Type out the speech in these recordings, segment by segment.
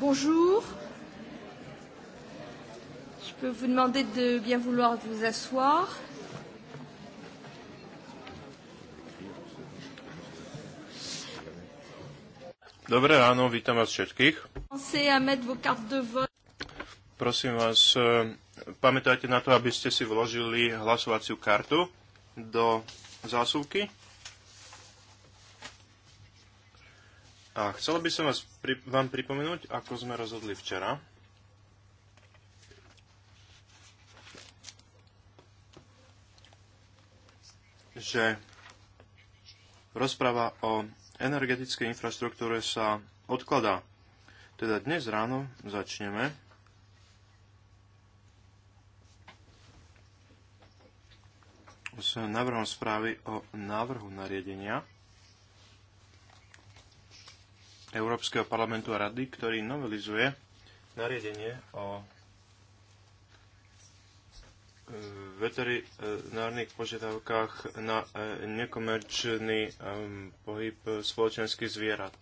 Bonjour. Je peux vous demander de bien vouloir vous asseoir. Dobré ráno, vítam vás všetkých. Prosím vás, eh, pamätajte na to, aby ste si vložili hlasovaciu kartu do zásuvky. A chcela by som vás, vám pripomenúť, ako sme rozhodli včera. že rozpráva o energetickej infraštruktúre sa odkladá. Teda dnes ráno začneme. s návrhom správy o návrhu nariadenia Európskeho parlamentu a rady, ktorý novelizuje nariadenie o e, veterinárnych požiadavkách na e, nekomerčný e, pohyb spoločenských zvierat.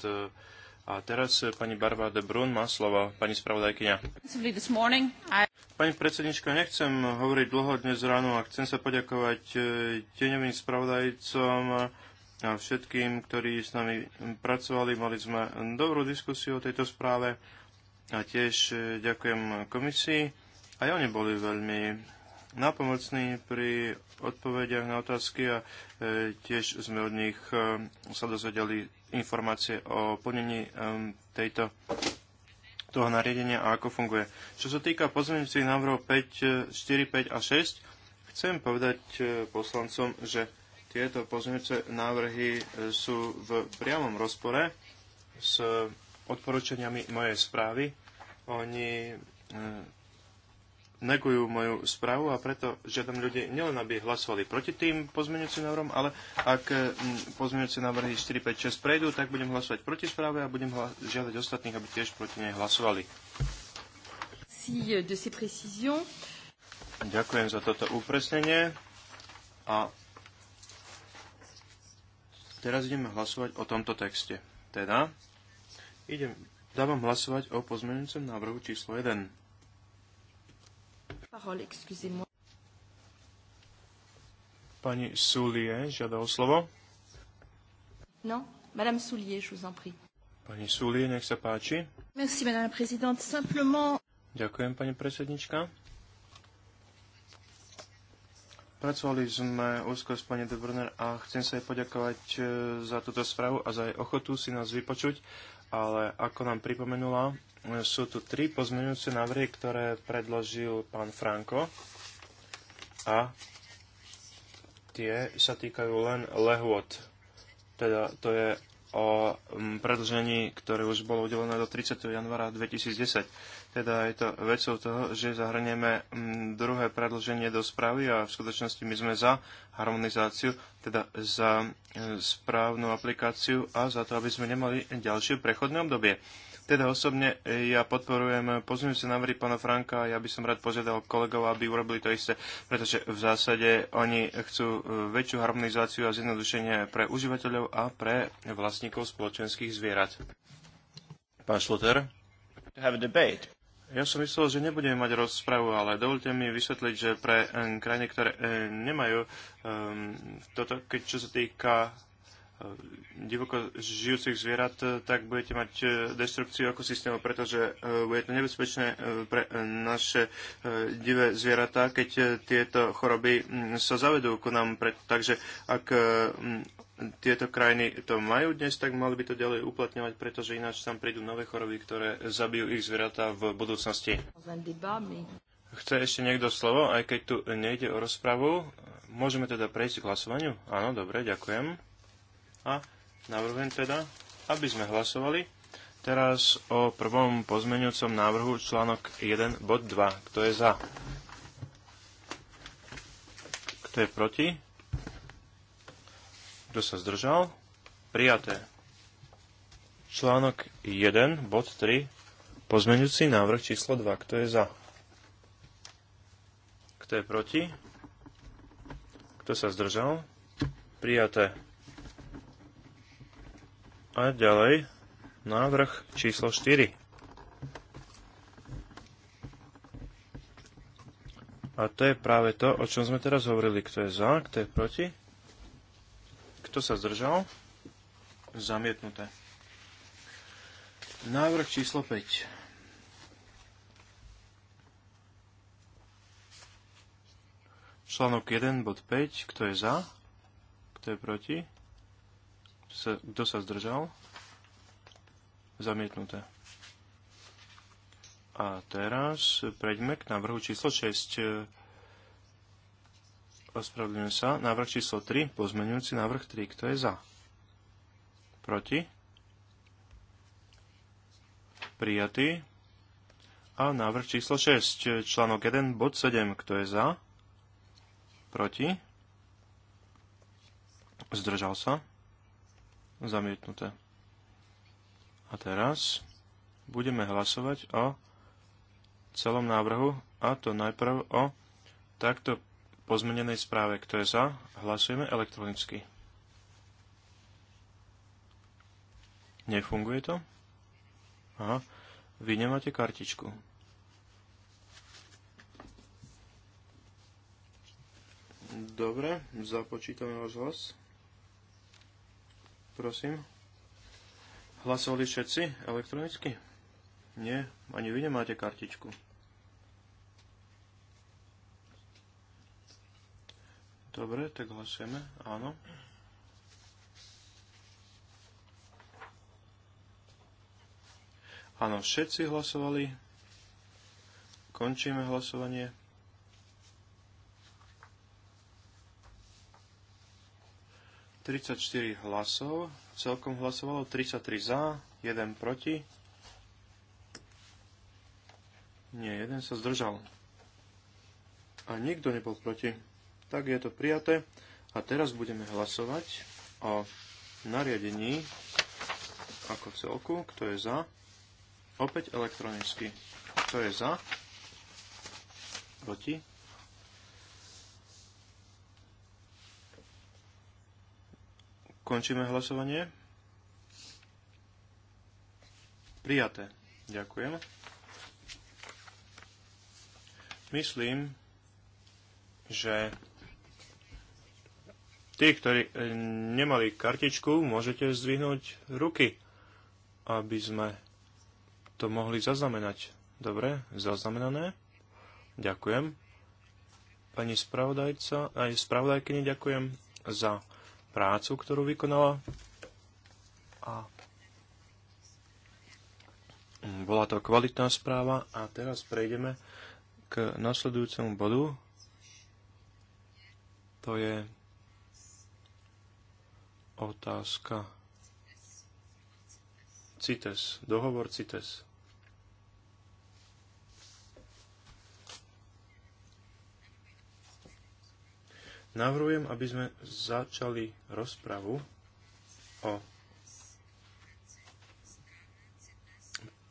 A teraz pani Barbara de Brun má slovo, pani spravodajkyňa. Pani predsednička, nechcem hovoriť dlho dnes ráno a chcem sa poďakovať tieňovým spravodajcom a všetkým, ktorí s nami pracovali. Mali sme dobrú diskusiu o tejto správe a tiež e, ďakujem komisii. Aj oni boli veľmi nápomocní pri odpovediach na otázky a e, tiež sme od nich e, sa dozvedeli informácie o plnení tejto toho nariadenia a ako funguje. Čo sa týka pozmeňujúcich návrhov 5, 4, 5 a 6, chcem povedať poslancom, že tieto pozmeňujúce návrhy e, sú v priamom rozpore s odporúčaniami mojej správy. Oni e, negujú moju správu a preto žiadam ľudí nielen, aby hlasovali proti tým pozmeňujúcim návrhom, ale ak e, pozmeňujúce návrhy 4, 5, 6 prejdú, tak budem hlasovať proti správe a budem žiadať ostatných, aby tiež proti nej hlasovali. Ďakujem za toto upresnenie a Teraz ideme hlasovať o tomto texte. Teda idem, dávam hlasovať o pozmeňujúcom návrhu číslo 1. Pani Soulier žiada o slovo. No, Madame Soulier, je vous en prie. Pani Soulier, nech sa páči. Merci, Madame la Présidente. Simplement... Ďakujem, pani predsednička. Pracovali sme úzko s pani Debrunner a chcem sa jej poďakovať e, za túto správu a za jej ochotu si nás vypočuť, ale ako nám pripomenula, e, sú tu tri pozmeňujúce návrhy, ktoré predložil pán Franko a tie sa týkajú len lehôd. Teda to je o predlžení, ktoré už bolo udelené do 30. januára 2010 teda je to vecou toho, že zahrnieme mm, druhé predlženie do správy a v skutočnosti my sme za harmonizáciu, teda za e, správnu aplikáciu a za to, aby sme nemali ďalšie prechodné obdobie. Teda osobne e, ja podporujem pozmeňujúce návrhy pána Franka a ja by som rád požiadal kolegov, aby urobili to isté, pretože v zásade oni chcú e, väčšiu harmonizáciu a zjednodušenie pre užívateľov a pre vlastníkov spoločenských zvierat. Pán Šluter? Ja som myslel, že nebudeme mať rozpravu, ale dovolte mi vysvetliť, že pre eh, krajiny, ktoré eh, nemajú ehm, toto, keď čo sa týka E, divoko žijúcich zvierat, e, tak budete mať e, destrukciu ekosystému, pretože bude to nebezpečné pre naše divé zvieratá, keď tieto choroby sa zavedú ku nám. Takže ak tieto krajiny to majú dnes, tak mali by to ďalej uplatňovať, pretože ináč tam prídu nové choroby, ktoré zabijú ich zvieratá v budúcnosti. Chce ešte niekto slovo, aj keď tu nejde o rozpravu? Môžeme teda prejsť k hlasovaniu? Áno, dobre, ďakujem. A navrhujem teda, aby sme hlasovali teraz o prvom pozmeňujúcom návrhu článok 1 bod 2. Kto je za? Kto je proti? Kto sa zdržal? Prijaté. Článok 1 bod 3 Pozmeňujúci návrh číslo 2. Kto je za? Kto je proti? Kto sa zdržal? Prijaté. A ďalej návrh číslo 4. A to je práve to, o čom sme teraz hovorili. Kto je za, kto je proti? Kto sa zdržal? Zamietnuté. Návrh číslo 5. Článok 1, bod 5. Kto je za? Kto je proti? kto sa zdržal? Zamietnuté. A teraz prejdeme k návrhu číslo 6. Ospravedlňujem sa. Návrh číslo 3, pozmenujúci návrh 3. Kto je za? Proti? Prijatý. A návrh číslo 6, článok 1, bod 7. Kto je za? Proti? Zdržal sa? Zamietnuté. A teraz budeme hlasovať o celom návrhu, a to najprv o takto pozmenenej správe. Kto je za? Hlasujeme elektronicky. Nefunguje to? Aha, vy nemáte kartičku. Dobre, započítame váš hlas prosím. Hlasovali všetci elektronicky? Nie, ani vy nemáte kartičku. Dobre, tak hlasujeme, áno. Áno, všetci hlasovali. Končíme hlasovanie. 34 hlasov, celkom hlasovalo 33 za, 1 proti. Nie, jeden sa zdržal. A nikto nebol proti. Tak je to prijaté. A teraz budeme hlasovať o nariadení ako celku. Kto je za? Opäť elektronicky. Kto je za? Proti? Končíme hlasovanie. Prijaté. Ďakujem. Myslím, že tí, ktorí e, nemali kartičku, môžete zdvihnúť ruky, aby sme to mohli zaznamenať. Dobre, zaznamenané. Ďakujem. Pani spravodajca, aj spravodajkyni ďakujem za prácu, ktorú vykonala. A bola to kvalitná správa a teraz prejdeme k nasledujúcemu bodu. To je otázka CITES, dohovor CITES. Navrhujem, aby sme začali rozpravu o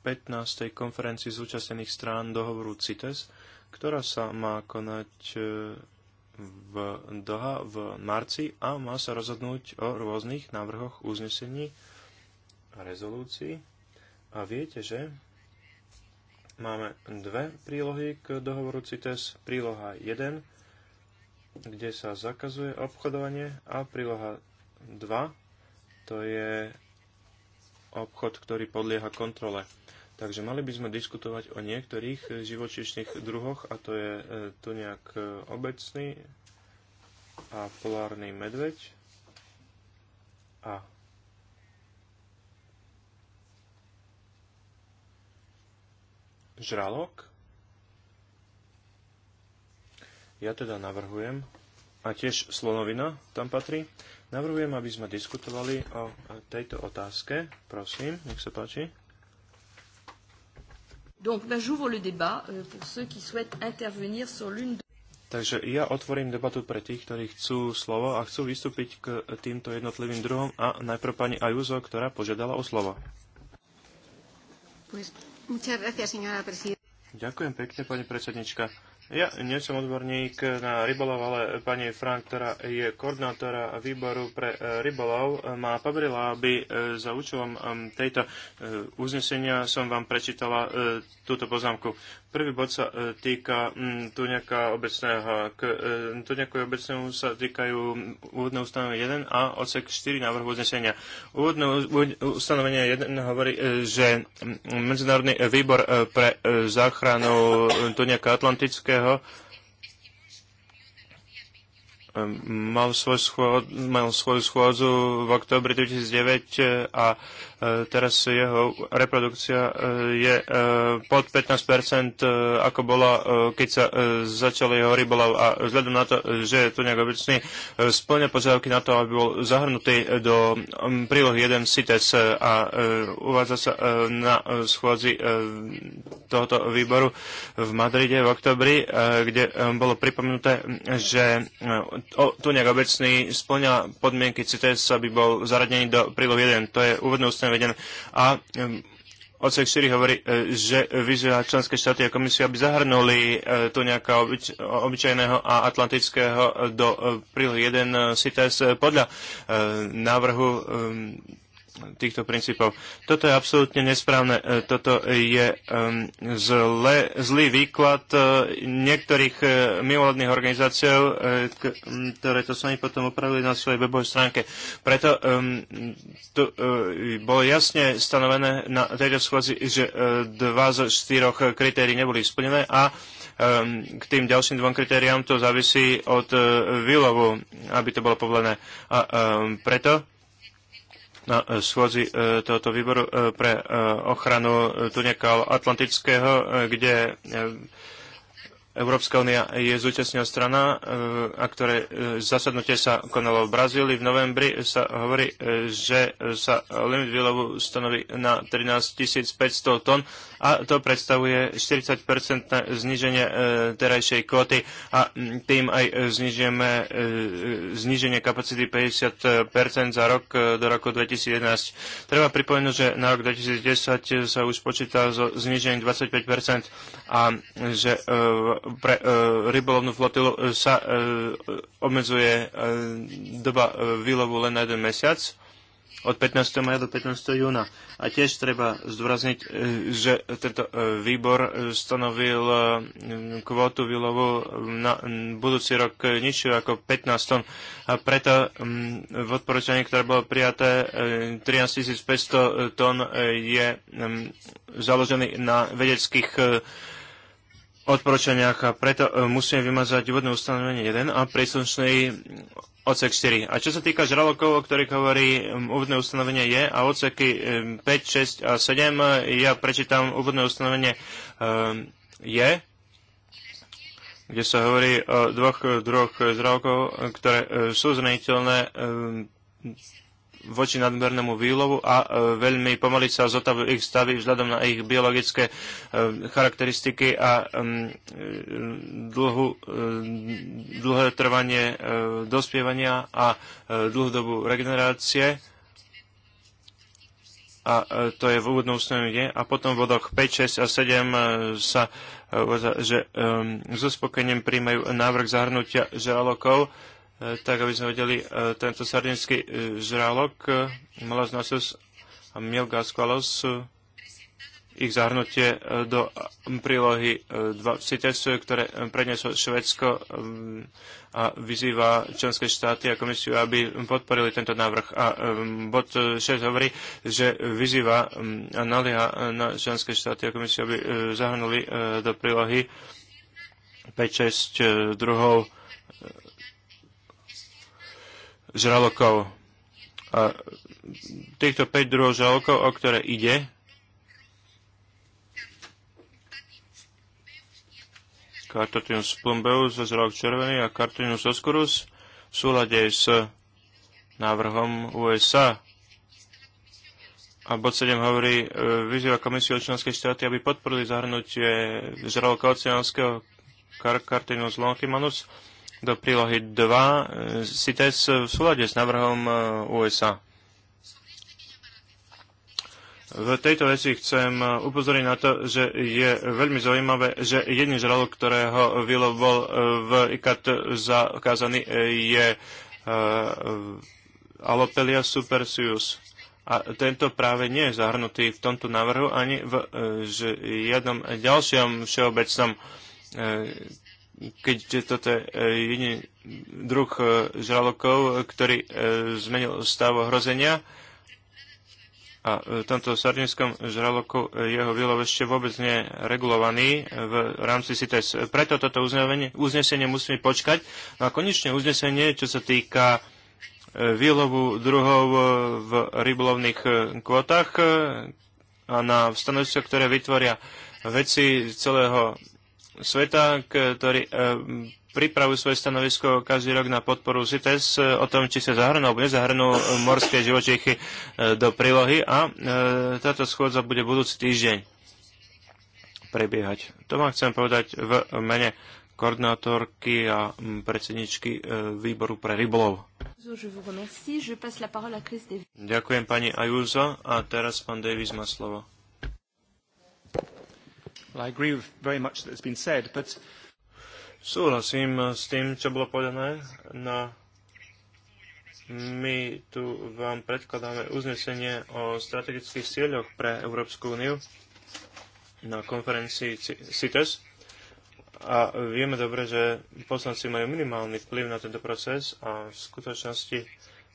15. konferencii zúčastnených strán dohovoru CITES, ktorá sa má konať e, v Doha v marci a má sa rozhodnúť o rôznych návrhoch uznesení a rezolúcií. A viete, že máme dve prílohy k dohovoru CITES. Príloha 1 kde sa zakazuje obchodovanie a príloha 2, to je obchod, ktorý podlieha kontrole. Takže mali by sme diskutovať o niektorých živočíšnych druhoch, a to je e, tu nejak e, obecný a polárny medveď a žralok ja teda navrhujem, a tiež slonovina tam patrí, navrhujem, aby sme diskutovali o tejto otázke. Prosím, nech sa páči. Donc, ben, j'ouvre le débat euh, pour ceux qui souhaitent intervenir sur l'une de... Takže ja otvorím debatu pre tých, ktorí chcú slovo a chcú vystúpiť k týmto jednotlivým druhom a najprv pani Ajuzo, ktorá požiadala o slovo. Ďakujem pekne, pani predsednička. Ja nie som odborník na rybolov, ale pani Frank, ktorá je koordinátora výboru pre e, rybolov, e, ma poverila, aby e, za účelom tejto uznesenia som vám prečítala túto poznámku. Prvý bod sa e, týka mm, tu nejaká obecného. K e, tu nejakého obecnému sa týkajú úvodné ustanovenie 1 a odsek 4 návrhu uznesenia. Úvodné ustanovenie 1 hovorí, e, že Medzinárodný výbor pre záchranu tu nejaká atlantického mal svoju, schôd, mal svoju schôdzu v oktobri 2009 a E, teraz jeho reprodukcia e, je e, pod 15%, ako bola, keď sa začal jeho rybolov a vzhľadom na to, že je tu nejak obecný, splňa požiadavky na to, aby bol zahrnutý do prílohy 1 CITES a uvádza sa na schôdzi tohoto výboru v Madride v oktobri, kde bolo pripomenuté, že tu nejak obecný splňa podmienky CITES, aby bol zaradený do prílohy 1. To je úvodné ustanovenie jasne uvedené. A Odsek 4 hovorí, e, že vyzýva členské štáty a komisiu, aby zahrnuli e, to nejaká obyč, obyčajného a atlantického do e, prílohy 1 CITES podľa uh, návrhu um, týchto princípov. Toto je absolútne nesprávne. E, toto je zle, zlý výklad e, niektorých e, mimovládnych organizácií, ktoré to sami potom opravili na svojej webovej stránke. Preto tu bolo jasne stanovené na tejto schôdzi, že dva z štyroch kritérií neboli splnené a k tým ďalším dvom kritériám to závisí od výlovu, aby to bolo povolené. A preto na e, schôdzi e, tohoto výboru e, pre ochranu Tunekal Atlantického, kde Európska únia je zúčastnená strana, a ktoré zasadnutie sa konalo v Brazílii. V novembri sa hovorí, že sa limit výlovu stanoví na 13 500 tón a to predstavuje 40% zniženie e, terajšej kvoty a tým aj znižujeme e, zniženie kapacity 50% za rok e, do roku 2011. Treba pripomenúť, že na rok 2010 sa už počíta so znižením 25% a že pre rybolovnú flotilu sa obmedzuje doba výlovu len na jeden mesiac od 15. maja do 15. júna. A tiež treba zdôrazniť, e, že tento e, výbor e, stanovil kvótu výlovu na budúci rok nižšiu ako 15 tón. A preto v odporúčaní, ktoré bolo prijaté, 13 500 tón je založený na vedeckých odporúčania, a preto e, musíme vymazať úvodné ustanovenie 1 a príslušný odsek 4. A čo sa týka žralokov, o ktorých hovorí úvodné ustanovenie je a odseky 5, 6 a 7, e, ja prečítam úvodné ustanovenie e, je, kde sa hovorí o dvoch druhoch žralokov, ktoré sú zraniteľné voči nadmernému výlovu a e, veľmi pomaly sa zotavujú ich stavy vzhľadom na ich biologické e, charakteristiky a mm, e, dlhu, dlhé trvanie dospievania a dlhú dobu regenerácie a to je v úvodnom ustanovení, a potom v bodoch 5, 6 a 7 sa že e, s uspokojením príjmajú návrh zahrnutia žralokov E, tak aby sme vedeli, e, tento sardinský e, žralok Melasnosus a Mielgasqualos ich zahrnutie do prílohy 20, ktoré predneslo Švedsko a vyzýva členské štáty a komisiu, aby podporili tento návrh. A bod 6 hovorí, že vyzýva a nalieha na členské štáty a komisiu, aby zahrnuli do prílohy 5-6 druhov žralokov. A týchto 5 druhov žralokov, o ktoré ide, Cartotinus plumbeus, žralok červený a Cartotinus oscurus v súlade s návrhom USA. A bod 7 hovorí, e, vyzýva komisiu členské štáty, aby podporili zahrnutie žraloka oceánskeho Cartinus longimanus do prílohy 2 CITES e, v súlade s návrhom e, USA. V tejto veci chcem e, upozoriť na to, že je veľmi zaujímavé, že jedný žralok, ktorého výlov bol v IKAT zakázaný, je Alopelia supersius. A tento práve nie je zahrnutý v tomto návrhu ani v žiadnom ďalšom všeobecnom keď toto je jediný druh e, žralokov, e, ktorý e, zmenil stav ohrozenia. A v tomto sardinskom žraloku jeho výlov ešte vôbec nie je regulovaný v rámci CITES. Preto toto uznesenie musíme počkať. No a konečne uznesenie, čo sa týka výlovu druhov v rybolovných kvotách a na stanovisko, ktoré vytvoria veci celého sveta, ktorí e, pripravujú svoje stanovisko každý rok na podporu CITES e, o tom, či sa zahrnú alebo nezahrnú e, morské živočichy do prílohy a táto schôdza bude budúci týždeň prebiehať. To vám chcem povedať v mene koordinátorky a predsedničky výboru pre rybolov. Ďakujem pani Ajúzo a teraz pán Davis má slovo. Well, I agree with very much that has been said, but... Súhlasím s tým, čo bolo povedané. na no, my tu vám predkladáme uznesenie o strategických cieľoch pre Európsku úniu na konferencii CITES. A vieme dobre, že poslanci majú minimálny vplyv na tento proces a v skutočnosti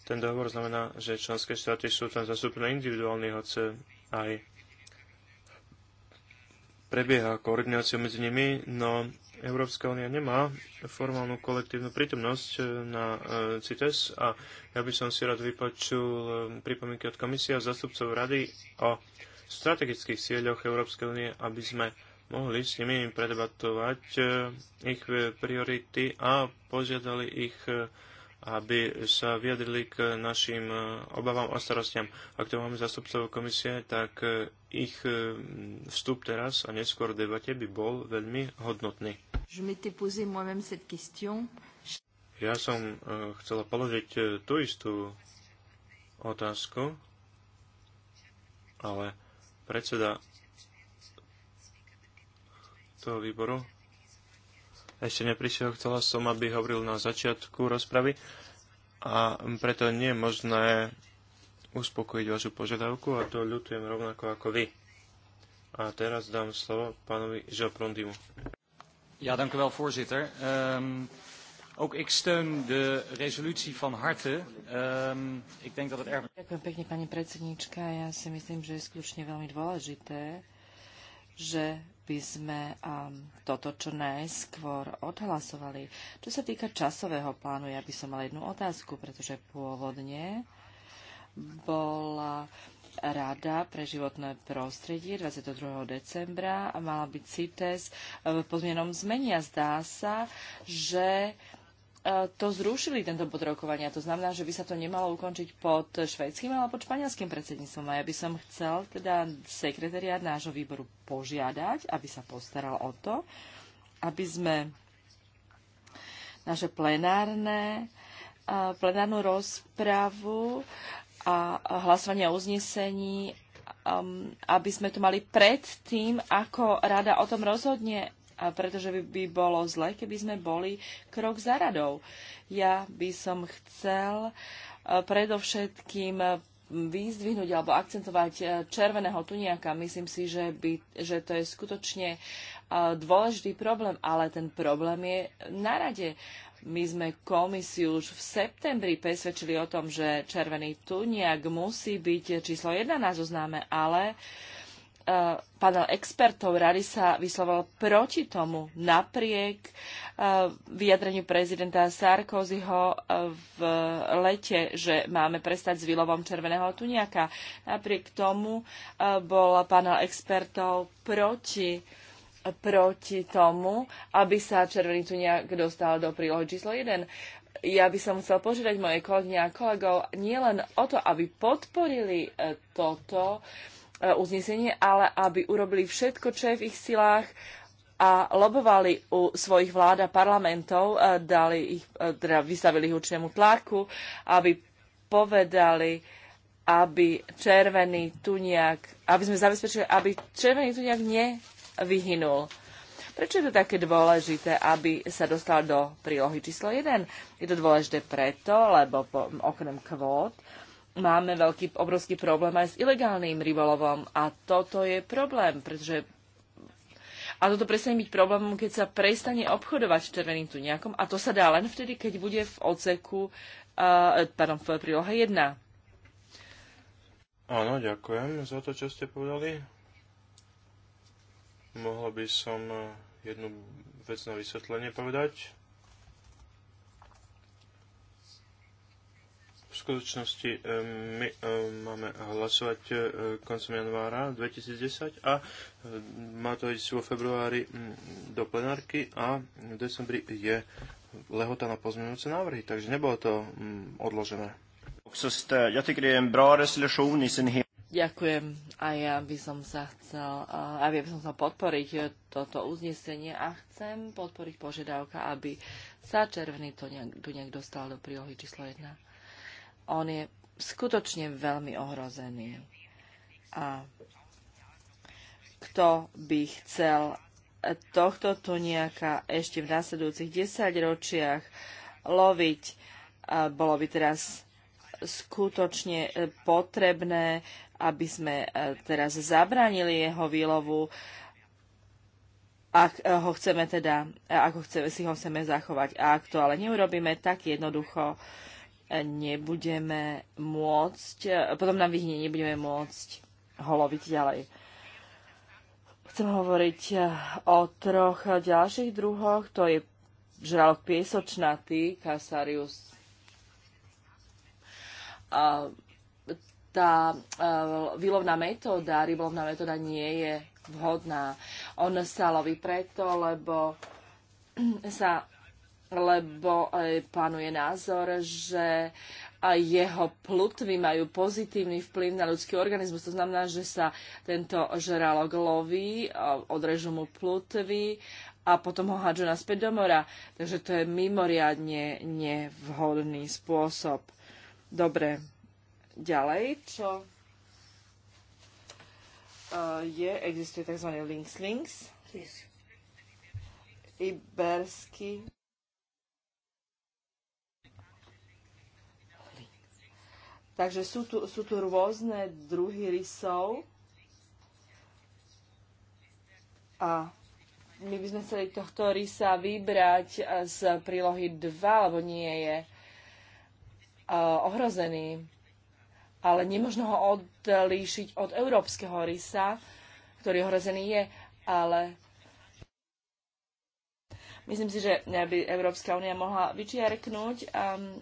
ten dohovor znamená, že členské štáty sú tam zastúpené individuálne, hoce aj prebieha koordinácia medzi nimi, no Európska únia nemá formálnu kolektívnu prítomnosť e, na e, CITES a ja by som si rád vypočul e, pripomienky od komisie a zastupcov rady o strategických cieľoch Európskej únie, aby sme mohli s nimi predebatovať ich priority a požiadali ich aby sa vyjadrili k našim e, obavám a starostiam. Ak to máme zastupcov komisie, tak e, ich e, vstup teraz a neskôr v debate by bol veľmi hodnotný. Ja som chcela položiť tú istú otázku, ale predseda toho výboru ešte neprišiel. Chcela som, aby hovoril na začiatku rozpravy a preto nie je možné uspokojiť vašu požiadavku a to ľutujem rovnako ako vy. A teraz dám slovo pánovi Žoprondimu. Ja, dank u wel, voorzitter. Um, ook ik steun de resolutie van harte. Um, ik denk dat het erg... Ďakujem pekne, pani predsednička. Ja si myslím, že je skutočne veľmi dôležité, že by sme um, toto čo najskôr odhlasovali. Čo sa týka časového plánu, ja by som mala jednu otázku, pretože pôvodne bola Rada pre životné prostredie 22. decembra a mala byť CITES v pozmienom zmenia. Zdá sa, že to zrušili, tento bod rokovania. To znamená, že by sa to nemalo ukončiť pod švedským alebo pod španielským predsedníctvom. A ja by som chcel teda sekretariát nášho výboru požiadať, aby sa postaral o to, aby sme naše plenárne, plenárnu rozpravu a hlasovanie o uznesení, aby sme to mali pred tým, ako rada o tom rozhodne pretože by, by bolo zle, keby sme boli krok za radou. Ja by som chcel e, predovšetkým e, vyzdvihnúť alebo akcentovať e, červeného tuniaka. Myslím si, že, by, že to je skutočne dôležitý problém, ale ten problém je na rade. My sme komisiu už v septembri presvedčili o tom, že červený tuniak musí byť číslo jedna na zozname, ale uh, Eh, panel expertov rady sa vysloval proti tomu napriek eh, vyjadreniu prezidenta Sarkozyho eh, v lete, že máme prestať s výlovom červeného tuniaka. Napriek tomu bol panel expertov proti proti tomu, aby sa červený tuniak dostal do prílohy číslo 1 ja by som chcel požiadať moje kolegyne a kolegov nielen o to, aby podporili toto, Eh, uznesenie, ale aby urobili všetko, čo je v ich silách a lobovali u svojich vlád a parlamentov, eh, dali ich, eh, teda vystavili ich určitému tlaku, aby povedali, aby červený tuniak, aby sme zabezpečili, aby červený tuniak nevyhynul. Prečo je to také dôležité, aby sa dostal do prílohy číslo 1? Je to dôležité preto, lebo po, okrem kvót máme veľký, obrovský problém aj s ilegálnym rybolovom a toto je problém, pretože a toto prestane byť problémom, keď sa prestane obchodovať s červeným tuniakom a to sa dá len vtedy, keď bude v oceku, uh, pardon, v prílohe 1. Áno, ďakujem za to, čo ste povedali. Mohla by som eh, jednu vec na vysvetlenie povedať. V skutočnosti e, my e, máme hlasovať e, koncom januára 2010 a má to ísť vo februári do plenárky a v decembri je lehota na pozmeňujúce návrhy, takže nebolo to odložené. Ďakujem a ja by som sa chcel, aby by som sa podporiť toto uznesenie a chcem podporiť požiadavka, aby sa červený to nejak, tu nejak dostal do prílohy číslo 1 on je skutočne veľmi ohrozený. A kto by chcel tohto tuniaka ešte v následujúcich desaťročiach loviť, bolo by teraz skutočne e, potrebné, aby sme e, teraz zabránili jeho výlovu, ak e, ho chceme teda, ako chceme, si ho chceme zachovať. A ak to ale neurobíme, tak jednoducho uh, nebudeme môcť, potom na vyhne nebudeme môcť ho loviť ďalej. Chcem hovoriť eh, o troch ďalších druhoch, to je žralok piesočnatý, Casarius. Tá eh, výlovná metóda, rybolovná metóda nie je vhodná. On sa loví preto, lebo sa lebo panuje názor, že jeho plutvy majú pozitívny vplyv na ľudský organizmus. To znamená, že sa tento žralok loví, odrežú mu plutvy a potom ho hádžu naspäť do mora. Takže to je mimoriadne nevhodný spôsob. Dobre, ďalej, čo e, je, existuje tzv. links links. Iberský Takže sú tu, sú tu rôzne druhy rysov a my by sme chceli tohto rysa vybrať eh, z prílohy 2, lebo nie je eh, ohrozený. Ale nemožno ho odlíšiť od európskeho rysa, ktorý ohrozený je, ale myslím si, že by Európska únia mohla vyčiarknúť um,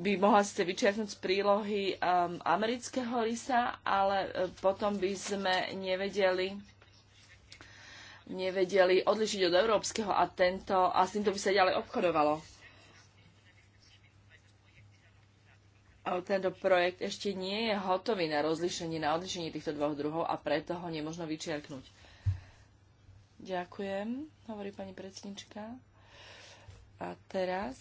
by mohla ste vyčiarknúť z prílohy um, amerického lisa, ale e, potom by sme nevedeli nevedeli odlišiť od európskeho a, tento, a s týmto by sa ďalej obchodovalo. A tento projekt ešte nie je hotový na rozlišenie, na odlišenie týchto dvoch druhov a preto ho nemôžno vyčiarknúť. Ďakujem, hovorí pani predsednička. A teraz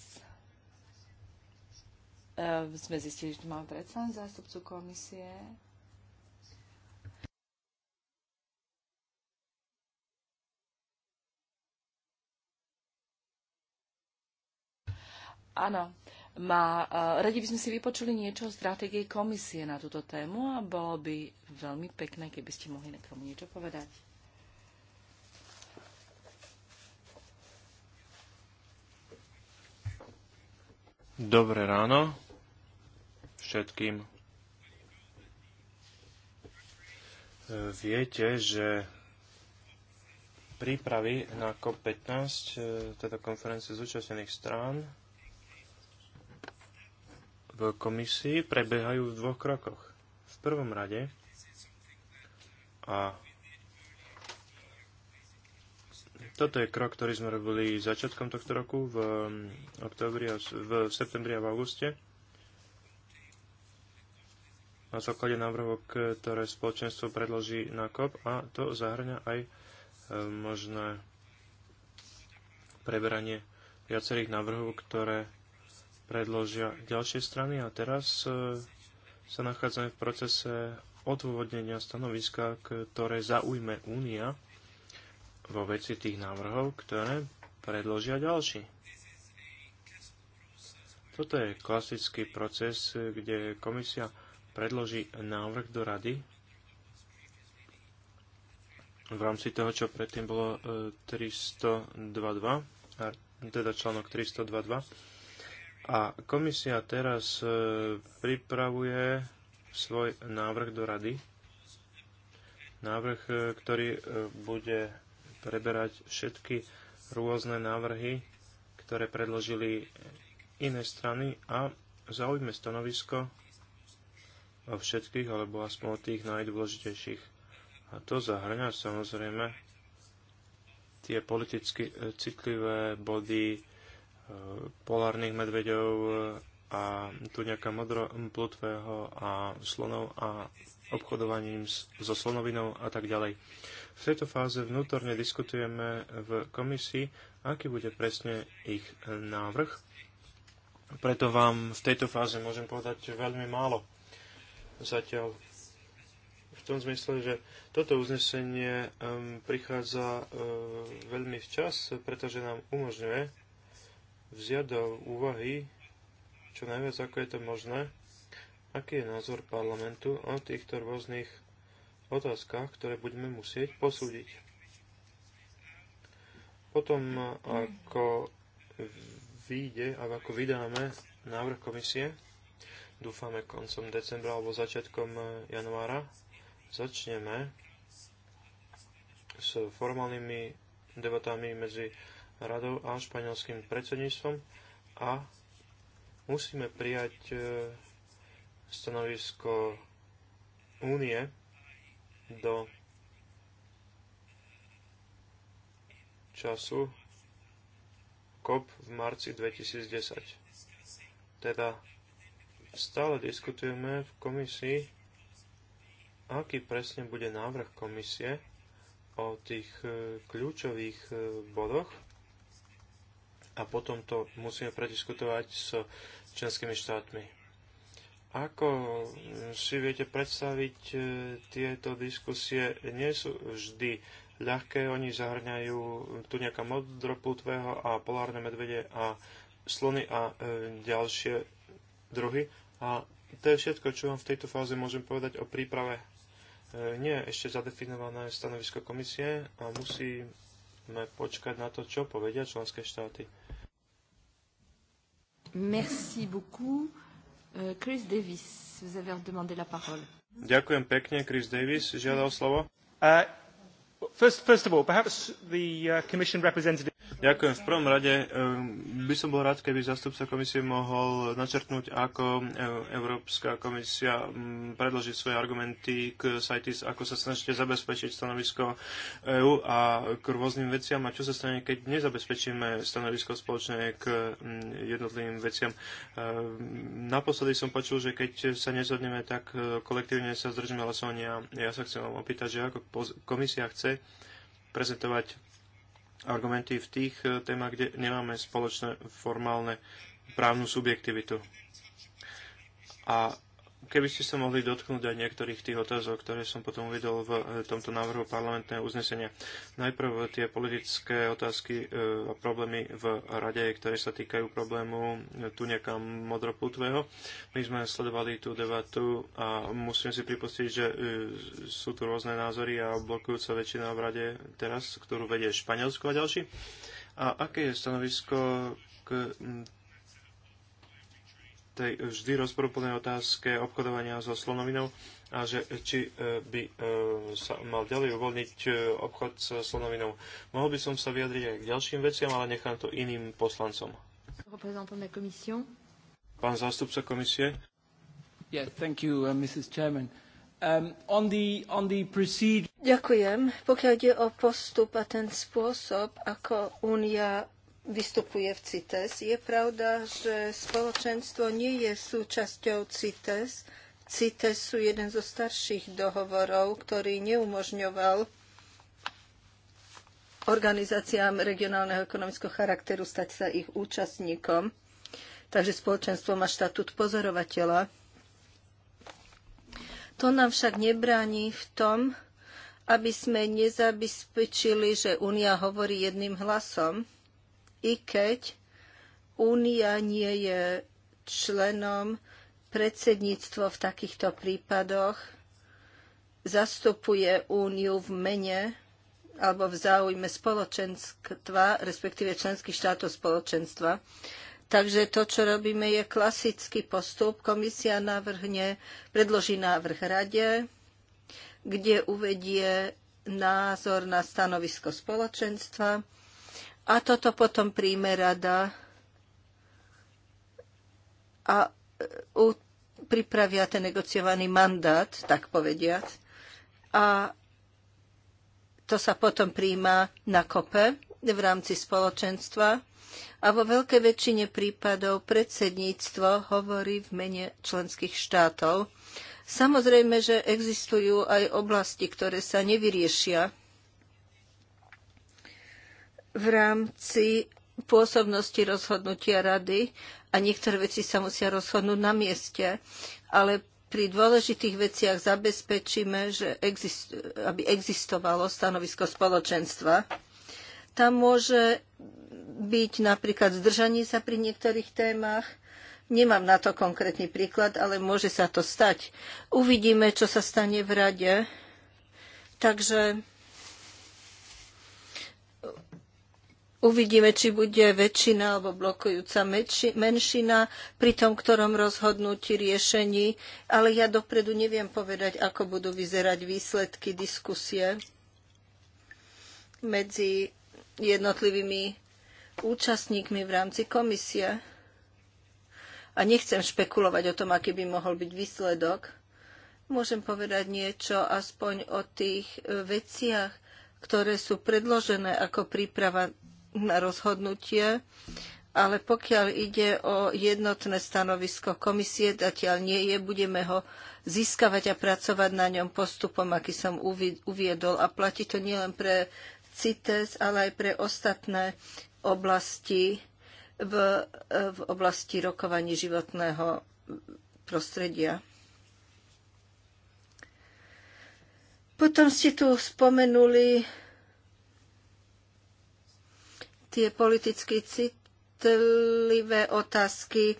Ehm, sme zistili, že tu máme predsa len zástupcu komisie. Áno, má, eh, radi by sme si vypočuli niečo o stratégii komisie na túto tému a bolo by veľmi pekné, keby ste mohli na tomu niečo povedať. Dobré ráno všetkým. Viete, že prípravy na COP15, e, teda konferencie zúčastnených strán v komisii prebiehajú v dvoch krokoch. V prvom rade, a Toto je krok, ktorý sme robili začiatkom tohto roku v, um, oktobri, v septembri a v auguste na základe návrhov, ktoré spoločenstvo predloží na COP a to zahrňa aj um, možné preberanie viacerých návrhov, ktoré predložia ďalšie strany a teraz uh, sa nachádzame v procese odôvodnenia stanoviska, ktoré zaujme Únia vo veci tých návrhov, ktoré predložia ďalší. Toto je klasický proces, kde komisia predloží návrh do rady v rámci toho, čo predtým bolo 302.2, e, teda článok 302.2. A komisia teraz e, pripravuje svoj návrh do rady. Návrh, e, ktorý bude preberať všetky rôzne návrhy, ktoré predložili iné strany a zaujme stanovisko o všetkých, alebo aspoň o tých najdôležitejších. A to zahrňa samozrejme tie politicky e, citlivé body e, polárnych medveďov e, a tu nejaká modro plutvého a slonov a obchodovaním so slonovinou a tak ďalej. V tejto fáze vnútorne diskutujeme v komisii, aký bude presne ich e, návrh. Preto vám v tejto fáze môžem povedať veľmi málo. Zatiaľ v tom zmysle, že toto uznesenie um, prichádza uh, veľmi včas, pretože nám umožňuje vziať do úvahy čo najviac, ako je to možné, Aký je názor parlamentu o týchto rôznych otázkach, ktoré budeme musieť posúdiť? Potom, ako vyjde, ako vydáme návrh komisie, dúfame koncom decembra alebo začiatkom eh, januára, začneme s formálnymi debatami medzi radou a španielským predsedníctvom a musíme prijať eh, stanovisko únie do času COP v marci 2010. Teda stále diskutujeme v komisii, aký presne bude návrh komisie o tých e, kľúčových e, bodoch a potom to musíme prediskutovať s členskými štátmi. Ako si viete predstaviť, e, tieto diskusie nie sú vždy ľahké. Oni zahrňajú tu nejaká modroputvého a polárne medvede a slony a e, ďalšie druhy. A to je všetko, čo vám v tejto fáze môžem povedať o príprave. E, nie je ešte zadefinované stanovisko komisie a musíme počkať na to, čo povedia členské štáty. Merci beaucoup. Euh, Chris Davis, vous avez demandé la parole. Ďakujem pekne, Chris Davis, žiadal slovo. Uh, first, first of all, perhaps the uh, Commission representative Ďakujem. V prvom rade ehm, by som bol rád, keby zastupca komisie mohol načrtnúť, ako ehm, Európska komisia mm, predloží svoje argumenty k CITES, ako sa snažíte zabezpečiť stanovisko EÚ a k rôznym veciam a čo sa stane, keď nezabezpečíme stanovisko spoločné k mm, jednotlivým veciam. Ehm, naposledy som počul, že keď sa nezhodneme, tak e, kolektívne sa zdržíme hlasovania. Ja sa chcem opýtať, že ako komisia chce prezentovať argumenty v tých e, témach, kde nemáme spoločné formálne právnu subjektivitu. A keby ste sa mohli dotknúť aj niektorých tých otázok, ktoré som potom uvidel v e, tomto návrhu parlamentného uznesenia. Najprv tie politické otázky e, a problémy v rade, ktoré sa týkajú problému e, tu nejaká modroputvého. My sme sledovali tú debatu a musíme si pripustiť, že sú tu rôzne názory a blokujúca väčšina v rade teraz, ktorú vedie Španielsko a ďalší. A aké je stanovisko k tej vždy rozporúplnej otázke obchodovania so slonovinou a že či e, by e, sa mal ďalej uvoľniť e, obchod s slonovinou. Mohol by som sa vyjadriť aj k ďalším veciam, ale nechám to iným poslancom. Pán zástupca komisie. Yeah, thank you, uh, Mrs. Chairman. Um, on the, on the Ďakujem. Pokiaľ ide o postup a ten spôsob, ako Únia vystupuje v CITES. Je pravda, že spoločenstvo nie je súčasťou CITES. CITES sú jeden zo starších dohovorov, ktorý neumožňoval organizáciám regionálneho ekonomického charakteru stať sa ich účastníkom. Takže spoločenstvo má štatút pozorovateľa. To nám však nebráni v tom, aby sme nezabezpečili, že Únia hovorí jedným hlasom i keď Únia nie je členom predsedníctvo v takýchto prípadoch zastupuje Úniu v mene alebo v záujme spoločenstva, respektíve členských štátov spoločenstva. Takže to, čo robíme, je klasický postup. Komisia navrhne, predloží návrh rade, kde uvedie názor na stanovisko spoločenstva a toto potom príjme rada a e, u, pripravia ten negociovaný mandát, tak povediať. A to sa potom príjma na kope v rámci spoločenstva. A vo veľkej väčšine prípadov predsedníctvo hovorí v mene členských štátov. Samozrejme, že existujú aj oblasti, ktoré sa nevyriešia v rámci pôsobnosti rozhodnutia rady a niektoré veci sa musia rozhodnúť na mieste, ale pri dôležitých veciach zabezpečíme, že exist- aby existovalo stanovisko spoločenstva. Tam môže byť napríklad zdržanie sa pri niektorých témach. Nemám na to konkrétny príklad, ale môže sa to stať. Uvidíme, čo sa stane v rade. Takže Uvidíme, či bude väčšina alebo blokujúca menšina pri tom, ktorom rozhodnutí riešení, ale ja dopredu neviem povedať, ako budú vyzerať výsledky diskusie medzi jednotlivými účastníkmi v rámci komisie. A nechcem špekulovať o tom, aký by mohol byť výsledok. Môžem povedať niečo aspoň o tých veciach, ktoré sú predložené ako príprava na rozhodnutie, ale pokiaľ ide o jednotné stanovisko komisie, zatiaľ nie je, budeme ho získavať a pracovať na ňom postupom, aký som uviedol. A platí to nielen pre CITES, ale aj pre ostatné oblasti v, v oblasti rokovaní životného prostredia. Potom ste tu spomenuli tie politicky citlivé otázky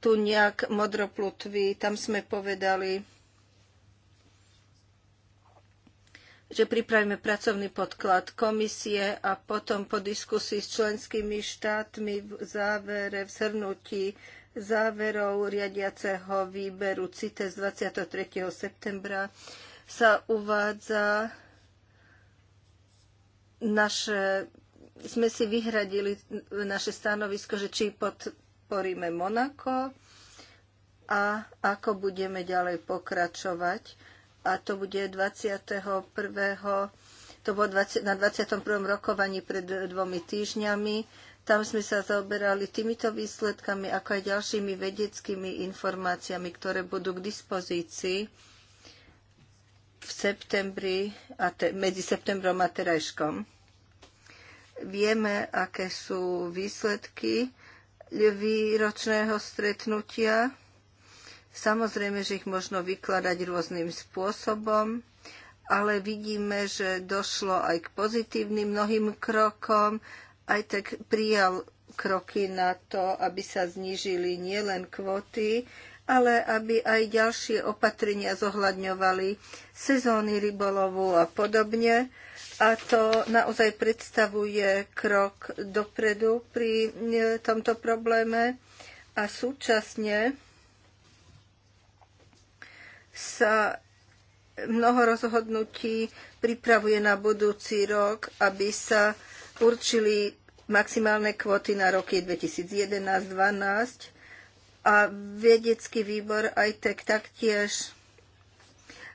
tu nejak modroplutví. Tam sme povedali, že pripravíme pracovný podklad komisie a potom po diskusii s členskými štátmi v závere, v shrnutí záverov riadiaceho výberu CITES 23. septembra sa uvádza naše sme si vyhradili naše stanovisko, že či podporíme Monako a ako budeme ďalej pokračovať. A to bude 21. To bolo 20, na 21. rokovaní pred dvomi týždňami. Tam sme sa zaoberali týmito výsledkami, ako aj ďalšími vedeckými informáciami, ktoré budú k dispozícii v septembri a te, medzi septembrom a terajškom. Vieme, aké sú výsledky výročného stretnutia. Samozrejme, že ich možno vykladať rôznym spôsobom, ale vidíme, že došlo aj k pozitívnym mnohým krokom, aj tak prijal kroky na to, aby sa znížili nielen kvóty, ale aby aj ďalšie opatrenia zohľadňovali sezóny rybolovu a podobne a to naozaj predstavuje krok dopredu pri e, tomto probléme a súčasne sa mnoho rozhodnutí pripravuje na budúci rok, aby sa určili maximálne kvoty na roky 2011-2012 a vedecký výbor aj tak taktiež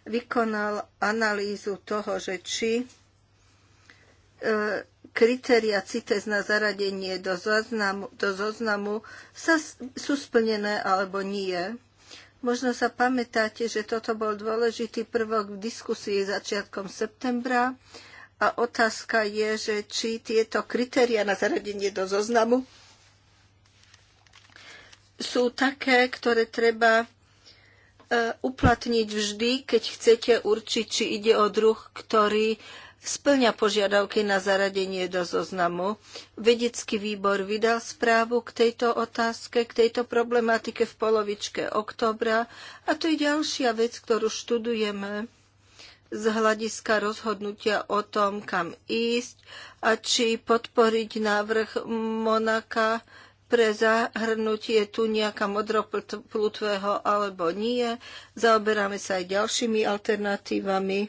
vykonal analýzu toho, že či E, kritéria CITES na zaradenie do zoznamu, do zoznamu sa, sú splnené alebo nie. Možno sa pamätáte, že toto bol dôležitý prvok v diskusii začiatkom septembra a otázka je, že či tieto kritéria na zaradenie do zoznamu sú také, ktoré treba e, uplatniť vždy, keď chcete určiť, či ide o druh, ktorý splňa požiadavky na zaradenie do zoznamu. Vedecký výbor vydal správu k tejto otázke, k tejto problematike v polovičke oktobra a to je ďalšia vec, ktorú študujeme z hľadiska rozhodnutia o tom, kam ísť a či podporiť návrh Monaka pre zahrnutie tu nejaká modroplutvého alebo nie. Zaoberáme sa aj ďalšími alternatívami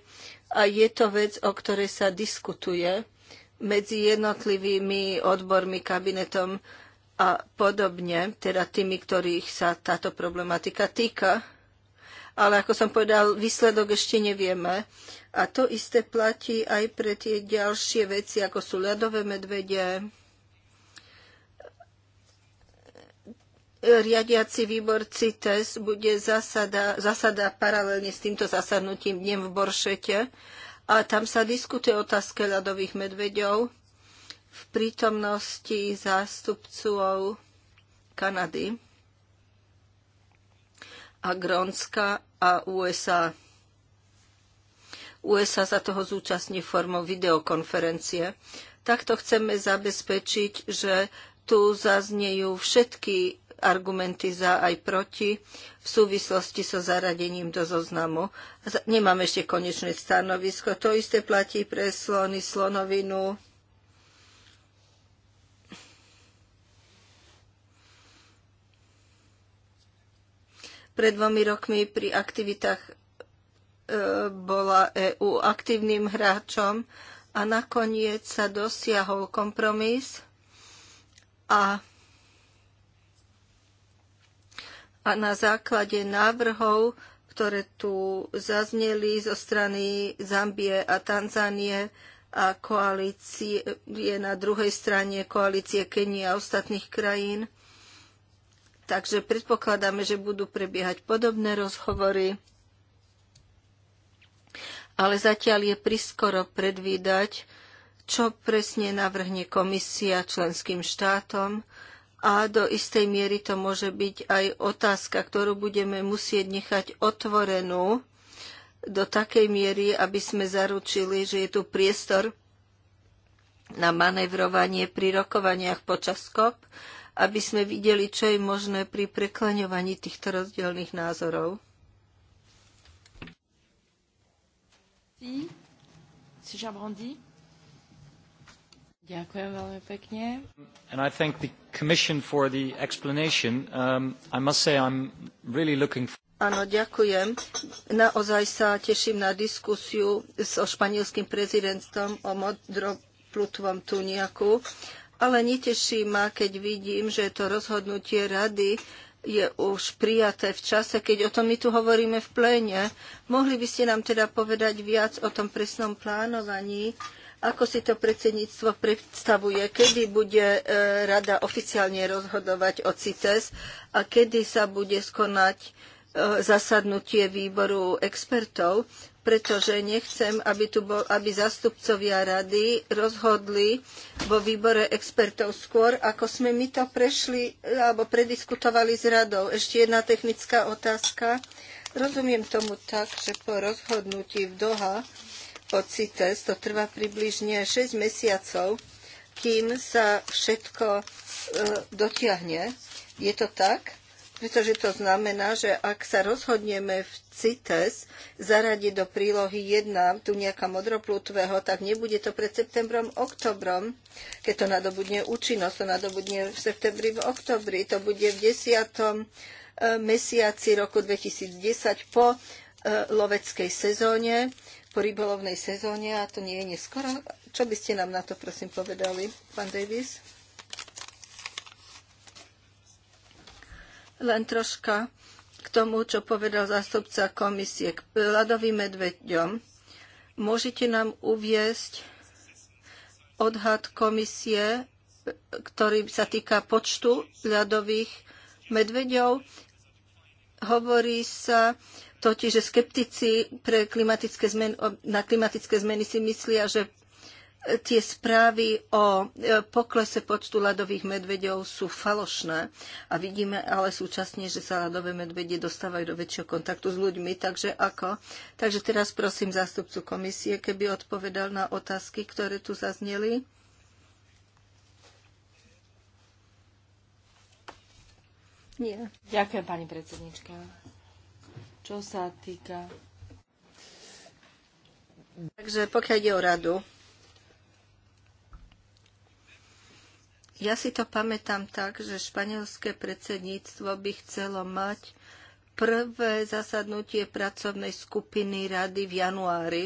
a je to vec, o ktorej sa diskutuje medzi jednotlivými odbormi, kabinetom a podobne, teda tými, ktorých sa táto problematika týka. Ale ako som povedal, výsledok ešte nevieme. A to isté platí aj pre tie ďalšie veci, ako sú ľadové medvede, riadiaci výbor CITES bude zasada, zasada paralelne s týmto zasadnutím dnem v Boršete a tam sa diskutuje otázka ľadových medveďov v prítomnosti zástupcov Kanady a Grónska a USA. USA sa toho zúčastní formou videokonferencie. Takto chceme zabezpečiť, že tu zaznejú všetky argumenty za aj proti v súvislosti so zaradením do zoznamu. Nemám ešte konečné stanovisko. To isté platí pre slony, slonovinu. Pred dvomi rokmi pri aktivitách e, bola EU aktívnym hráčom a nakoniec sa dosiahol kompromis a a na základe návrhov, ktoré tu zazneli zo strany Zambie a Tanzánie a koalície na druhej strane koalície Kenia a ostatných krajín. Takže predpokladáme, že budú prebiehať podobné rozhovory, ale zatiaľ je priskoro predvídať, čo presne navrhne komisia členským štátom, a do istej miery to môže byť aj otázka, ktorú budeme musieť nechať otvorenú do takej miery, aby sme zaručili, že je tu priestor na manevrovanie pri rokovaniach počas COP, aby sme videli, čo je možné pri preklaňovaní týchto rozdielných názorov. Si, si Ďakujem veľmi pekne. And I thank the Commission for the explanation. Um, I must say I'm really looking for... Áno, ďakujem. Naozaj sa teším na diskusiu so španielským prezidentom o modroplutvom tuniaku, ale neteší ma, keď vidím, že to rozhodnutie rady je už prijaté v čase, keď o tom my tu hovoríme v pléne. Mohli by ste nám teda povedať viac o tom presnom plánovaní, ako si to predsedníctvo predstavuje? Kedy bude e, rada oficiálne rozhodovať o CITES a kedy sa bude skonať e, zasadnutie výboru expertov? pretože nechcem, aby, tu bol, aby zastupcovia rady rozhodli vo výbore expertov skôr, ako sme my to prešli e, alebo prediskutovali s radou. Ešte jedna technická otázka. Rozumiem tomu tak, že po rozhodnutí v Doha od CITES. To trvá približne 6 mesiacov, kým sa všetko e, dotiahne. Je to tak? Pretože to znamená, že ak sa rozhodneme v CITES zaradiť do prílohy 1 tu nejaká modroplutvého, tak nebude to pred septembrom, oktobrom, keď to nadobudne účinnosť, to nadobudne v septembri, v oktobri, to bude v desiatom e, mesiaci roku 2010 po e, loveckej sezóne po rybolovnej sezóne a to nie je neskoro. Čo by ste nám na to prosím povedali, pán Davis? Len troška k tomu, čo povedal zástupca komisie k ľadovým medveďom. Môžete nám uviesť odhad komisie, ktorý sa týka počtu ľadových medveďov. Hovorí sa, Totiž, že skeptici pre klimatické zmeny, na klimatické zmeny si myslia, že e, tie správy o e, poklese počtu ľadových medveďov sú falošné a vidíme ale súčasne, že sa ľadové medvedie dostávajú do väčšieho kontaktu s ľuďmi, takže ako? Takže teraz prosím zástupcu komisie, keby odpovedal na otázky, ktoré tu zazneli. Nie. Ďakujem, pani predsednička čo sa týka. Takže pokiaľ ide o radu, ja si to pamätám tak, že španielské predsedníctvo by chcelo mať prvé zasadnutie pracovnej skupiny rady v januári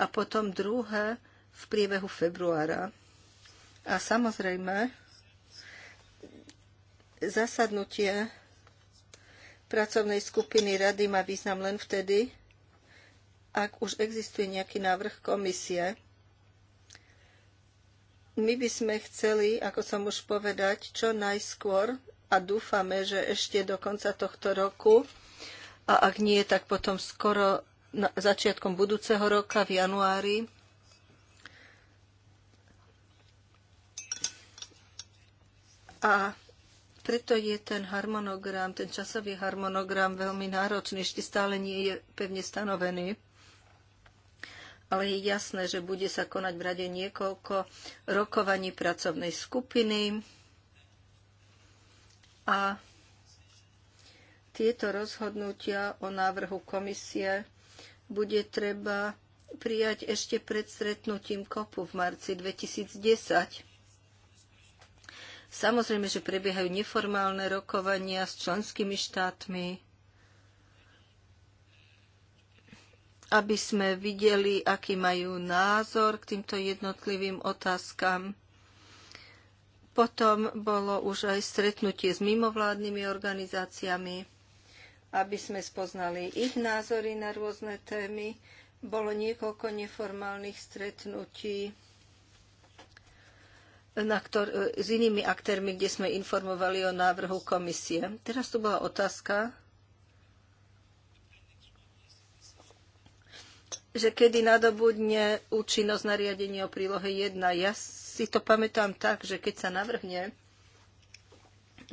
a potom druhé v priebehu februára. A samozrejme, zasadnutie pracovnej skupiny rady má význam len vtedy, ak už existuje nejaký návrh komisie. My by sme chceli, ako som už povedať, čo najskôr a dúfame, že ešte do konca tohto roku a ak nie, tak potom skoro na začiatkom budúceho roka v januári a preto je ten harmonogram, ten časový harmonogram veľmi náročný, ešte stále nie je pevne stanovený. Ale je jasné, že bude sa konať v rade niekoľko rokovaní pracovnej skupiny a tieto rozhodnutia o návrhu komisie bude treba prijať ešte pred stretnutím kopu v marci 2010 Samozrejme, že prebiehajú neformálne rokovania s členskými štátmi, aby sme videli, aký majú názor k týmto jednotlivým otázkam. Potom bolo už aj stretnutie s mimovládnymi organizáciami, aby sme spoznali ich názory na rôzne témy. Bolo niekoľko neformálnych stretnutí na ktor- s inými aktérmi, kde sme informovali o návrhu komisie. Teraz tu bola otázka, že kedy nadobudne účinnosť nariadenia o prílohe 1. Ja si to pamätám tak, že keď sa navrhne,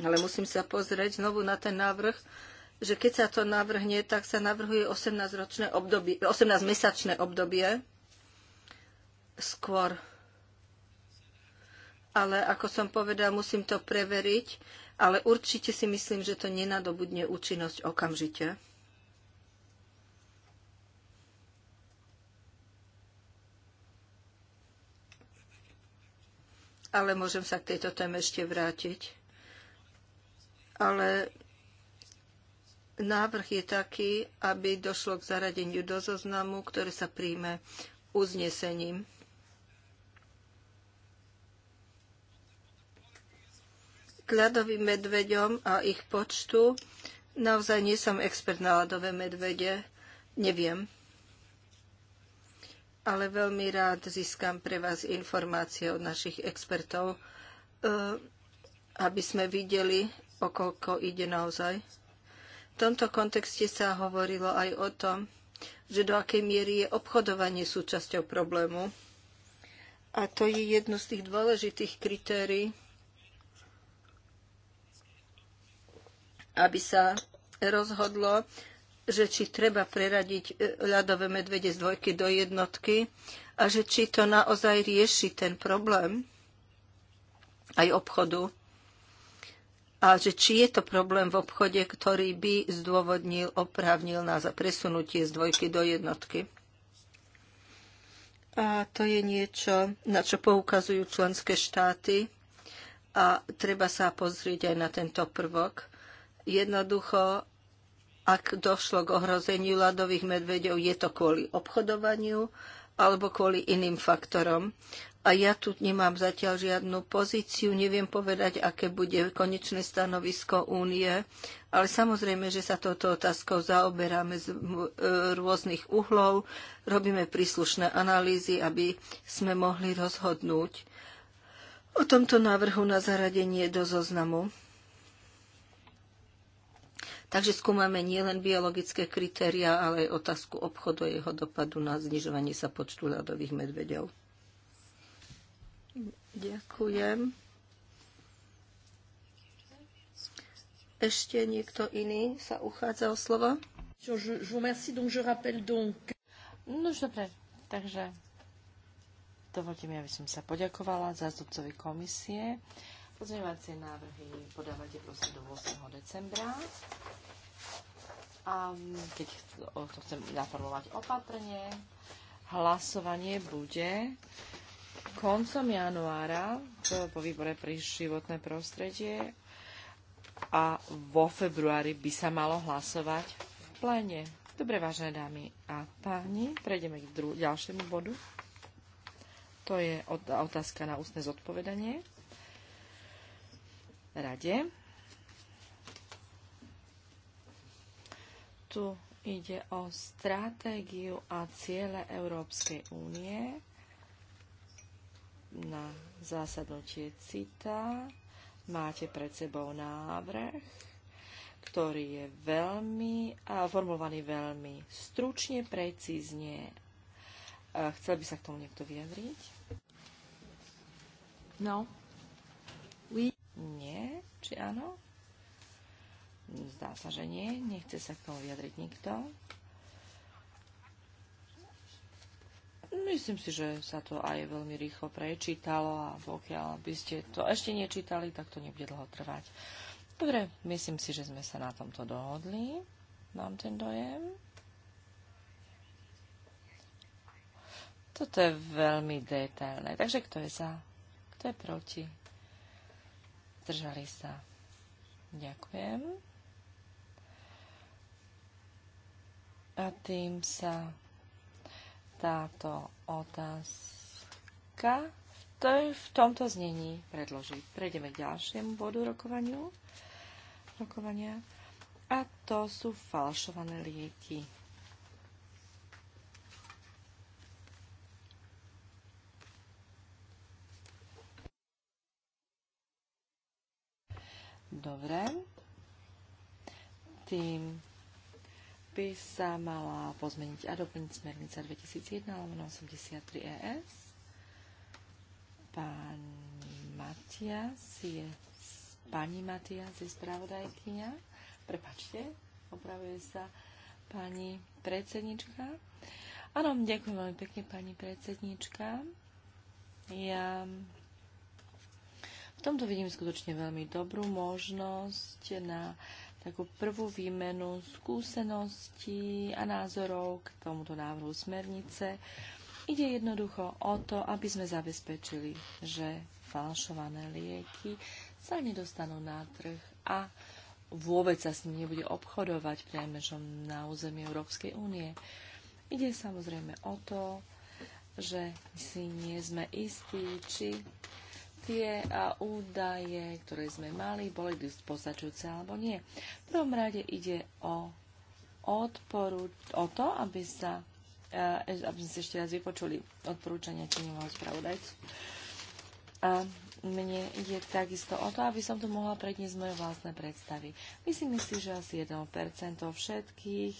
ale musím sa pozrieť znovu na ten návrh, že keď sa to navrhne, tak sa navrhuje 18-ročné obdobie, 18-mesačné obdobie skôr ale ako som povedal, musím to preveriť, ale určite si myslím, že to nenadobudne účinnosť okamžite. Ale môžem sa k tejto téme ešte vrátiť. Ale návrh je taký, aby došlo k zaradeniu do zoznamu, ktoré sa príjme uznesením. k ľadovým medveďom a ich počtu, naozaj nie som expert na ľadové medvede, neviem. Ale veľmi rád získam pre vás informácie od našich expertov, e, aby sme videli, o koľko ide naozaj. V tomto kontexte sa hovorilo aj o tom, že do akej miery je obchodovanie súčasťou problému. A to je jedno z tých dôležitých kritérií, aby sa rozhodlo, že či treba preradiť e, ľadové medvede z dvojky do jednotky a že či to naozaj rieši ten problém aj obchodu a že či je to problém v obchode, ktorý by zdôvodnil, oprávnil nás za presunutie z dvojky do jednotky. A to je niečo, na čo poukazujú členské štáty a treba sa pozrieť aj na tento prvok Jednoducho, ak došlo k ohrozeniu ľadových medveďov, je to kvôli obchodovaniu alebo kvôli iným faktorom. A ja tu nemám zatiaľ žiadnu pozíciu, neviem povedať, aké bude konečné stanovisko únie, ale samozrejme, že sa touto otázkou zaoberáme z e, rôznych uhlov, robíme príslušné analýzy, aby sme mohli rozhodnúť o tomto návrhu na zaradenie do zoznamu. Takže skúmame nielen biologické kritéria, ale aj otázku obchodu a jeho dopadu na znižovanie sa počtu ľadových medveďov. Ďakujem. Ešte niekto iný sa uchádza o slovo? No, dobre, takže dovolte mi, aby som sa poďakovala zástupcovi komisie Pozmeňovacie návrhy podávate prosím do 8. decembra. A keď to chcem naformovať opatrne, hlasovanie bude koncom januára po výbore pri životné prostredie a vo februári by sa malo hlasovať v plene. Dobre, vážené dámy a páni, prejdeme k ďalšiemu bodu. To je otázka na ústne zodpovedanie rade. Tu ide o stratégiu a ciele Európskej únie na zásadnutie CITA. Máte pred sebou návrh, ktorý je veľmi, a formulovaný veľmi stručne, precízne. Chcel by sa k tomu niekto vyjadriť? No. Oui. Nie? Či áno? Zdá sa, že nie. Nechce sa k tomu vyjadriť nikto. Myslím si, že sa to aj veľmi rýchlo prečítalo a pokiaľ by ste to ešte nečítali, tak to nebude dlho trvať. Dobre, myslím si, že sme sa na tomto dohodli. Mám ten dojem. Toto je veľmi detailné. Takže kto je za? Kto je proti? Zdržali sa. Ďakujem. A tým sa táto otázka v, tej, v tomto znení predloží. Prejdeme k ďalšiemu bodu rokovania. A to sú falšované lieky. Dobre. Tým by sa mala pozmeniť a doplniť smernica 2001 83 ES. Pán Matias je pani Matias je spravodajkynia. Prepačte, opravuje sa pani predsednička. Áno, ďakujem veľmi pekne, pani predsednička. Ja v tomto vidím skutočne veľmi dobrú možnosť na takú prvú výmenu skúseností a názorov k tomuto návrhu smernice. Ide jednoducho o to, aby sme zabezpečili, že falšované lieky sa nedostanú na trh a vôbec sa s nimi nebude obchodovať priamežom na území Európskej únie. Ide samozrejme o to, že si nie sme istí, či tie údaje, ktoré sme mali, boli postačujúce alebo nie. V prvom rade ide o odporu, o to, aby sa e, aby sme si ešte raz vypočuli odporúčania činného spravodajcu. A mne ide takisto o to, aby som tu mohla predniesť moje vlastné predstavy. Myslím si, že asi 1% všetkých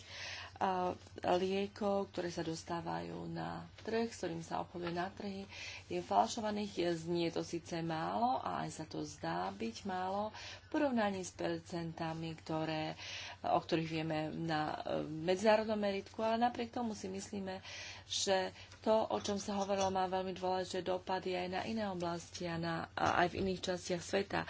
liekov, ktoré sa dostávajú na trh, s ktorým sa obchoduje na trhy, je falšovaných. Znie to síce málo a aj sa to zdá byť málo v porovnaní s percentami, ktoré, o ktorých vieme na e, medzinárodnom meritku, ale napriek tomu si myslíme, že to, o čom sa hovorilo, má veľmi dôležité dopady aj na iné oblasti a, na, a aj v iných častiach sveta.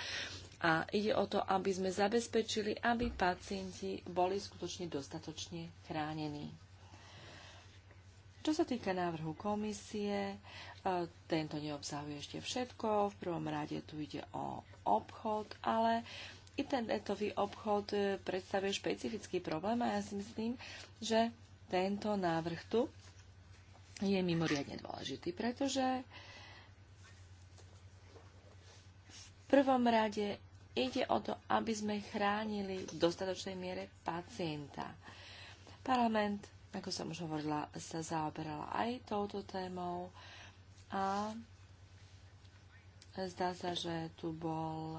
A ide o to, aby sme zabezpečili, aby pacienti boli skutočne dostatočne chránení. Čo sa týka návrhu komisie, e, tento neobsahuje ešte všetko. V prvom rade tu ide o obchod, ale internetový obchod e, predstavuje špecifický problém a ja si myslím, že tento návrh tu je mimoriadne dôležitý, pretože v prvom rade ide o to, aby sme chránili v dostatočnej miere pacienta. Parlament, ako som už hovorila, sa zaoberala aj touto témou a zdá sa, že tu bol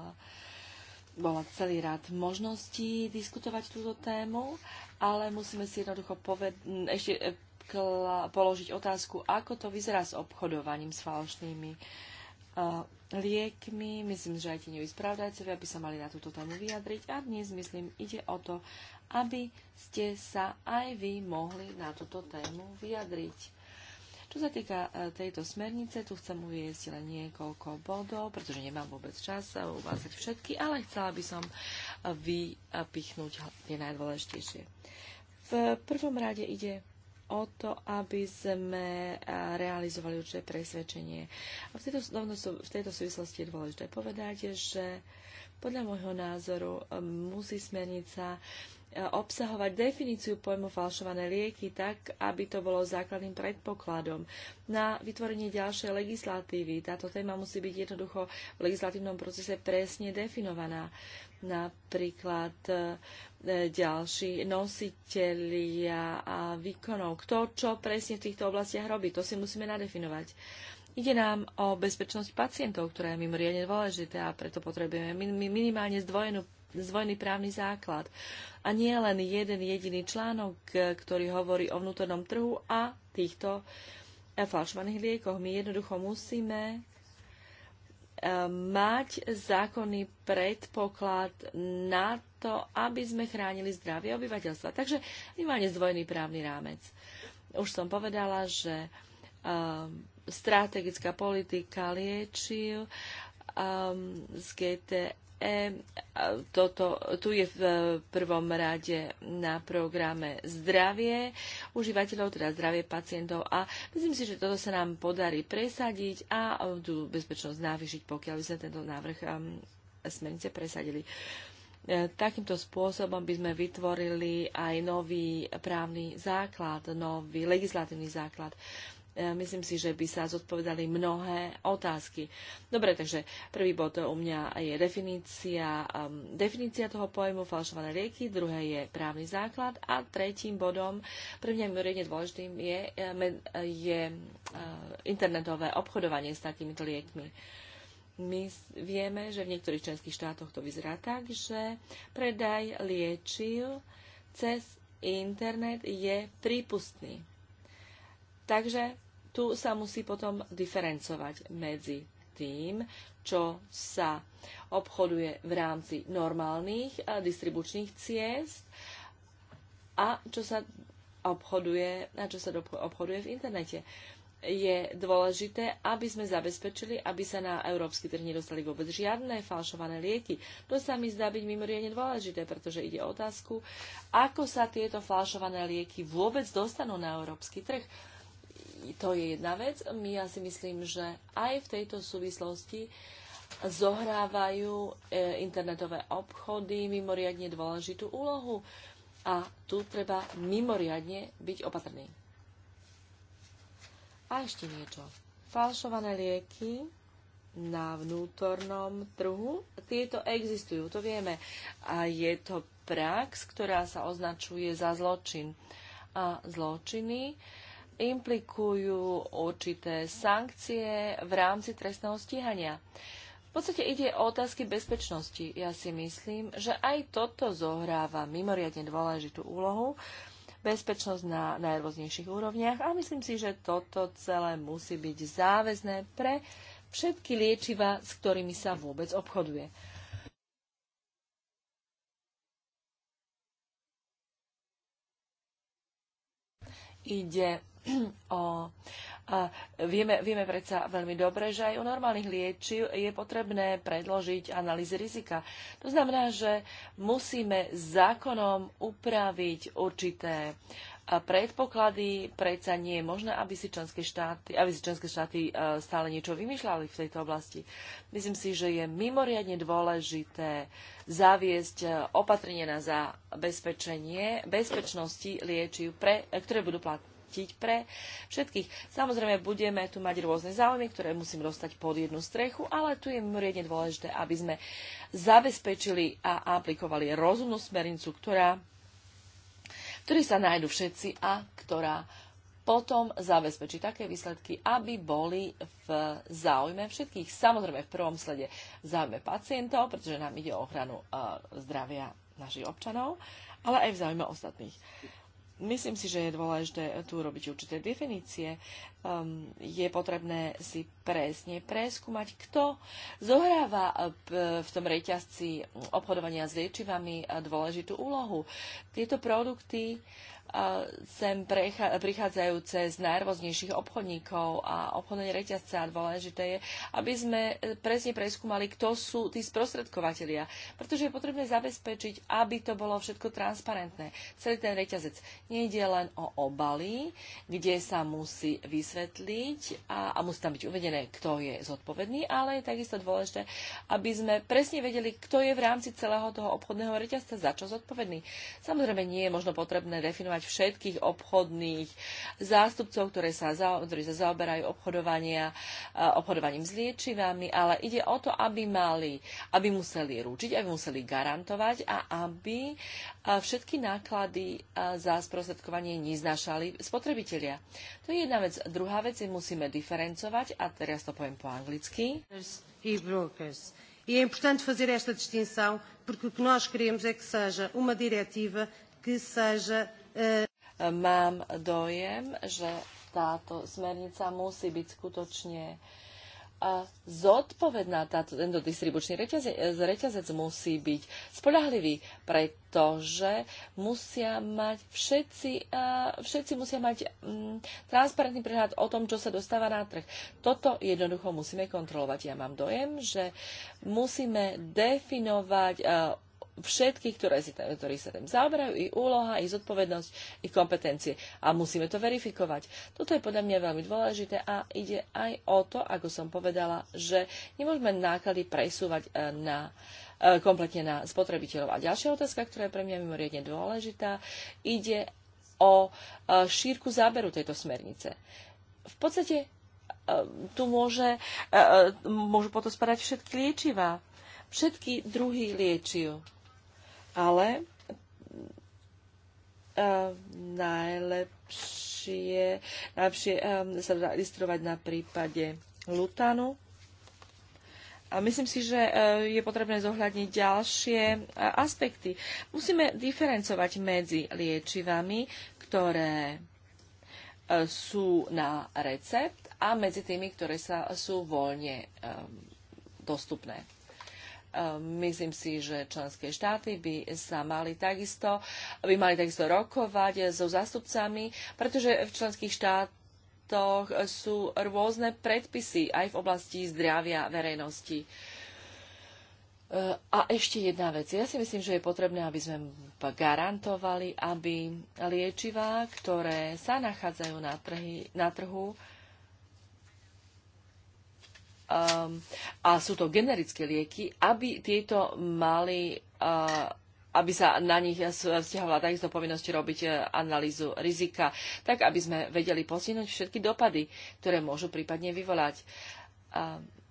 bola celý rád možností diskutovať túto tému, ale musíme si jednoducho poved- ešte položiť otázku, ako to vyzerá s obchodovaním s falošnými uh, liekmi. Myslím, že aj tie nevyspravdajcovia by sa mali na túto tému vyjadriť a dnes, myslím, ide o to, aby ste sa aj vy mohli na túto tému vyjadriť. Čo sa týka eh, tejto smernice, tu chcem uviesť len niekoľko bodov, pretože nemám vôbec čas eh, uvázať všetky, ale chcela by som vypichnúť tie najdôležitejšie. V prvom rade ide o to, aby sme realizovali určité presvedčenie. A v tejto, v tejto súvislosti je dôležité povedať, že podľa môjho názoru musí smernica obsahovať definíciu pojmu falšované lieky tak, aby to bolo základným predpokladom na vytvorenie ďalšej legislatívy. Táto téma musí byť jednoducho v legislatívnom procese presne definovaná. Napríklad e, ďalší nositelia a výkonov. Kto čo presne v týchto oblastiach robí, to si musíme nadefinovať. Ide nám o bezpečnosť pacientov, ktorá je mimoriadne dôležitá a preto potrebujeme minimálne zdvojenú zvojný právny základ. A nie len jeden jediný článok, e, ktorý hovorí o vnútornom trhu a týchto e, falšovaných liekoch. My jednoducho musíme e, mať zákonný predpoklad na to, aby sme chránili zdravie obyvateľstva. Takže minimálne zdvojný právny rámec. Už som povedala, že um, strategická politika liečil um, ehm, z GT toto, tu je v prvom rade na programe zdravie užívateľov, teda zdravie pacientov a myslím si, že toto sa nám podarí presadiť a tú bezpečnosť navýšiť, pokiaľ by sme tento návrh smernice presadili. E, takýmto spôsobom by sme vytvorili aj nový právny základ, nový legislatívny základ. E, myslím si, že by sa zodpovedali mnohé otázky. Dobre, takže prvý bod u mňa je definícia, um, definícia toho pojmu falšované lieky, druhé je právny základ a tretím bodom, pre mňa mimoriadne dôležitým, je, e, je uh, internetové obchodovanie s takýmito liekmi. My vieme, že v niektorých členských štátoch to vyzerá tak, že predaj liečil cez internet je prípustný Takže tu sa musí potom diferencovať medzi tým, čo sa obchoduje v rámci normálnych distribučných ciest a čo sa obchoduje, a čo sa obchoduje v internete. Je dôležité, aby sme zabezpečili, aby sa na európsky trh nedostali vôbec žiadne falšované lieky. To sa mi zdá byť mimoriadne dôležité, pretože ide o otázku, ako sa tieto falšované lieky vôbec dostanú na európsky trh to je jedna vec. My ja si myslím, že aj v tejto súvislosti zohrávajú e, internetové obchody mimoriadne dôležitú úlohu a tu treba mimoriadne byť opatrný. A ešte niečo. Falšované lieky na vnútornom trhu. Tieto existujú, to vieme. A je to prax, ktorá sa označuje za zločin. A zločiny uh, implikujú určité sankcie v rámci trestného stíhania. V podstate ide o otázky bezpečnosti. Ja si myslím, že aj toto zohráva mimoriadne dôležitú úlohu. Bezpečnosť na najrôznejších úrovniach a myslím si, že toto celé musí byť záväzné pre všetky liečiva, s ktorými sa vôbec obchoduje. Ide o a vieme, vieme predsa veľmi dobre, že aj u normálnych liečiv je potrebné predložiť analýzy rizika. To znamená, že musíme zákonom upraviť určité predpoklady. Predsa nie je možné, aby si členské štáty, aby si členské štáty stále niečo vymýšľali v tejto oblasti. Myslím si, že je mimoriadne dôležité zaviesť opatrenie na zabezpečenie bezpečnosti liečiv, pre, ktoré budú platné platiť pre všetkých. Samozrejme, budeme tu mať rôzne záujmy, ktoré musím dostať pod jednu strechu, ale tu je mimoriadne dôležité, aby sme zabezpečili a aplikovali rozumnú smernicu, ktorá ktorý sa nájdu všetci a ktorá potom zabezpečí také výsledky, aby boli v záujme všetkých. Samozrejme v prvom slede záujme pacientov, pretože nám ide o ochranu e, zdravia našich občanov, ale aj v záujme ostatných. Myslím si, že je dôležité tu robiť určité definície. Um, je potrebné si presne preskúmať, kto zohráva uh, v tom reťazci obchodovania s liečivami uh, dôležitú úlohu. Tieto produkty sem prichádzajú cez najrôznejších obchodníkov a obchodné reťazce a dôležité je, aby sme e, presne preskúmali, kto sú tí sprostredkovateľia. Pretože je potrebné zabezpečiť, aby to bolo všetko transparentné. Celý ten reťazec nejde len o obaly, kde sa musí vysvetliť a, a musí tam byť uvedené, kto je zodpovedný, ale je takisto dôležité, aby sme presne vedeli, kto je v rámci celého toho obchodného reťazca za čo zodpovedný. Samozrejme, nie je možno potrebné definovať informovať všetkých obchodných zástupcov, ktoré sa, ktorí sa zaoberajú obchodovania, obchodovaním s liečivami, ale ide o to, aby mali, aby museli ručiť, aby museli garantovať a aby všetky náklady za sprostredkovanie neznašali spotrebitelia. To je jedna vec. Druhá vec je, musíme diferencovať, a teraz to poviem po anglicky. E, e é importante fazer esta distinção, porque o que nós queremos é que seja uma diretiva que seja Mám dojem, že táto smernica musí byť skutočne zodpovedná. Táto, tento distribučný reťazec, reťazec musí byť spolahlivý, pretože musia mať všetci, všetci musia mať mm, transparentný prehľad o tom, čo sa dostáva na trh. Toto jednoducho musíme kontrolovať. Ja mám dojem, že musíme definovať všetkých, ktoré si tam, ktorí sa tam zaoberajú, ich úloha, ich zodpovednosť, ich kompetencie. A musíme to verifikovať. Toto je podľa mňa veľmi dôležité a ide aj o to, ako som povedala, že nemôžeme náklady presúvať eh, na eh, kompletne na spotrebiteľov. A ďalšia otázka, ktorá je pre mňa mimoriadne dôležitá, ide o eh, šírku záberu tejto smernice. V podstate tu môže, môžu potom spadať všetky liečivá, všetky druhy liečiv ale eh, najlepšie, najlepšie eh, sa registrovať na prípade Lutanu. A myslím si, že eh, je potrebné zohľadniť ďalšie aspekty. Musíme diferencovať medzi liečivami, ktoré sú na recept a medzi tými, ktoré sa, sú voľne dostupné. Ehm, myslím si, že členské štáty by sa mali takisto, by mali takisto rokovať eh, so zástupcami, pretože v členských štátoch sú rôzne predpisy aj v oblasti zdravia verejnosti. Ehm, a ešte jedna vec. Ja si myslím, že je potrebné, aby sme garantovali, aby liečivá, ktoré sa nachádzajú na, trhy, na trhu, Um, a sú to generické lieky, aby tieto mali uh, aby sa na nich vzťahovala takisto povinnosť robiť uh, analýzu rizika, tak aby sme vedeli posunúť všetky dopady, ktoré môžu prípadne vyvolať.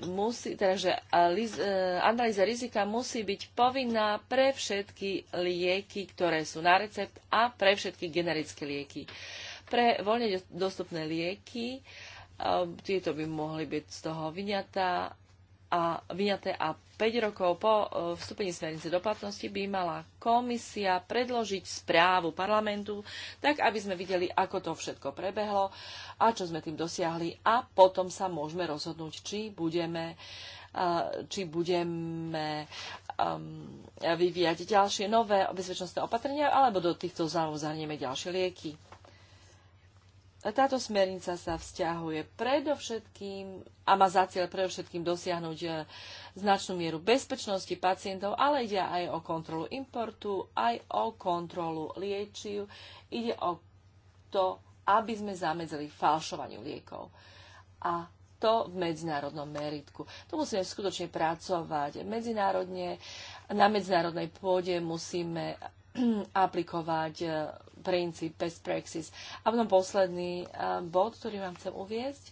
musí, teda, že uh, analýza rizika musí byť povinná pre všetky lieky, ktoré sú na recept a pre všetky generické lieky. Pre voľne dostupné lieky tieto by mohli byť z toho vyňatá a vyňaté a 5 rokov po e, vstúpení smernice do platnosti by mala komisia predložiť správu parlamentu, tak aby sme videli, ako to všetko prebehlo a čo sme tým dosiahli a potom sa môžeme rozhodnúť, či budeme e, či budeme vyvíjať ďalšie nové bezpečnostné opatrenia, alebo do týchto zámov zahrnieme ďalšie lieky. Táto smernica sa vzťahuje predovšetkým a má za cieľ predovšetkým dosiahnuť e, značnú mieru bezpečnosti pacientov, ale ide aj o kontrolu importu, aj o kontrolu liečiv. Ide o to, aby sme zamedzili falšovaniu liekov. A to v medzinárodnom meritku. Tu musíme skutočne pracovať medzinárodne. Na medzinárodnej pôde musíme aplikovať e, princíp best praxis. A potom posledný eh, bod, ktorý vám chcem uviezť.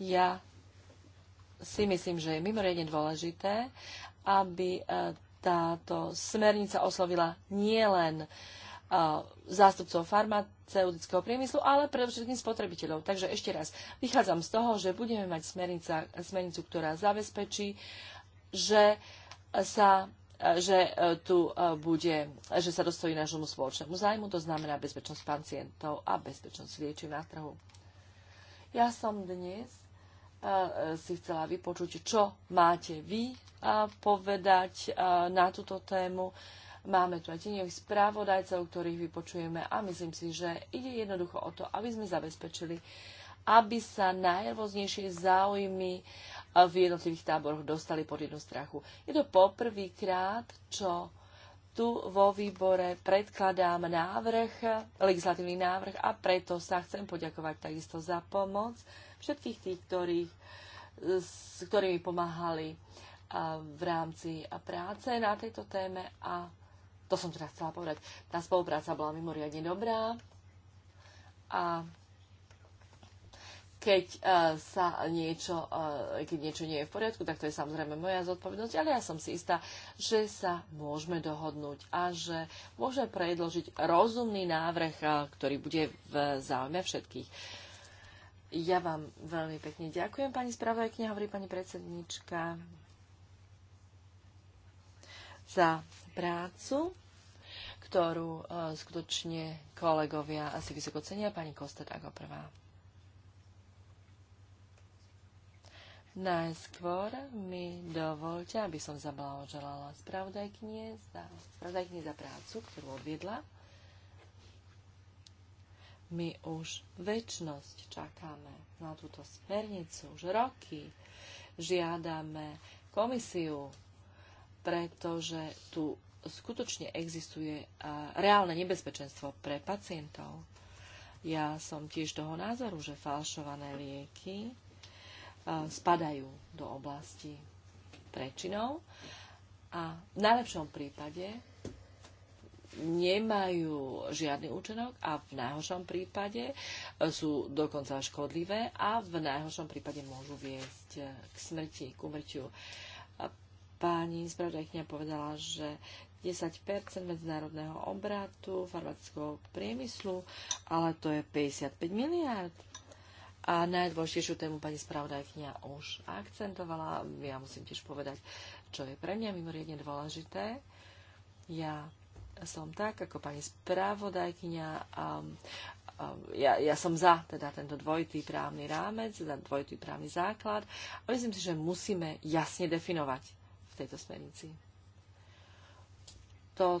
Ja si myslím, že je mimoriadne dôležité, aby eh, táto smernica oslovila nielen eh, zástupcov farmaceutického priemyslu, ale predovšetkým spotrebiteľov. Takže ešte raz, vychádzam z toho, že budeme mať smernica, smernicu, ktorá zabezpečí, že sa že e, tu e, bude, že sa dostojí nášmu spoločnému zájmu, to znamená bezpečnosť pacientov a bezpečnosť liečiv na trhu. Ja som dnes e, si chcela vypočuť, čo máte vy povedať na túto tému. Máme tu aj tieňových správodajcov, ktorých vypočujeme a myslím si, že ide jednoducho o to, aby sme zabezpečili, aby sa najrôznejšie záujmy v jednotlivých táboroch dostali pod jednu strachu. Je to poprvýkrát, čo tu vo výbore predkladám návrh, legislatívny návrh a preto sa chcem poďakovať takisto za pomoc všetkých tých, ktorých, s ktorými pomáhali v rámci práce na tejto téme a to som teda chcela povedať. Tá spolupráca bola mimoriadne dobrá a keď eh, sa niečo, eh, keď niečo nie je v poriadku, tak to je samozrejme moja zodpovednosť, ale ja som si istá, že sa môžeme dohodnúť a že môžeme predložiť rozumný návrh, eh, ktorý bude v záujme všetkých. Ja vám veľmi pekne ďakujem, pani spravodajkňa, hovorí pani predsednička, za prácu ktorú skutočne kolegovia asi vysoko cenia. Pani Kostet ako prvá. Najskôr mi dovolte, aby som zablahoželala spravodajknie za, spravodajknie za prácu, ktorú odviedla. My už väčnosť čakáme na túto smernicu, už roky žiadame komisiu, pretože tu skutočne existuje reálne nebezpečenstvo pre pacientov. Ja som tiež toho názoru, že falšované lieky spadajú do oblasti prečinov a v najlepšom prípade nemajú žiadny účinok a v najhoršom prípade sú dokonca škodlivé a v najhoršom prípade môžu viesť eh, k smrti, k umrťu. Pani spravodajkňa povedala, že 10 medzinárodného obratu farmaceutického priemyslu, ale to je 55 miliárd. A najdôležitejšiu tému pani spravodajkňa už akcentovala. Ja musím tiež povedať, čo je pre mňa mimoriadne dôležité. Ja som tak, ako pani spravodajkňa, um, um, ja, ja som za teda tento dvojitý právny rámec, za dvojitý právny základ a myslím si, že musíme jasne definovať v tejto smernici. To,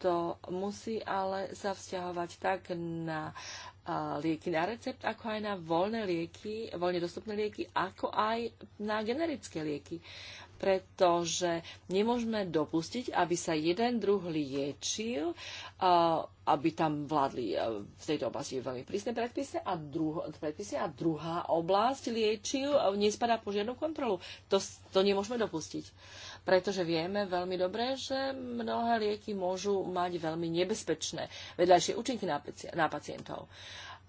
to musí ale sa vzťahovať tak na lieky na recept, ako aj na voľné lieky, voľne dostupné lieky, ako aj na generické lieky. Pretože nemôžeme dopustiť, aby sa jeden druh liečil, aby tam vládli v tejto oblasti veľmi prísne predpisy a, druh, predpisy a druhá oblasť liečil nespadá po žiadnu kontrolu. To, to nemôžeme dopustiť pretože vieme veľmi dobre, že mnohé lieky môžu mať veľmi nebezpečné vedľajšie účinky na, na pacientov.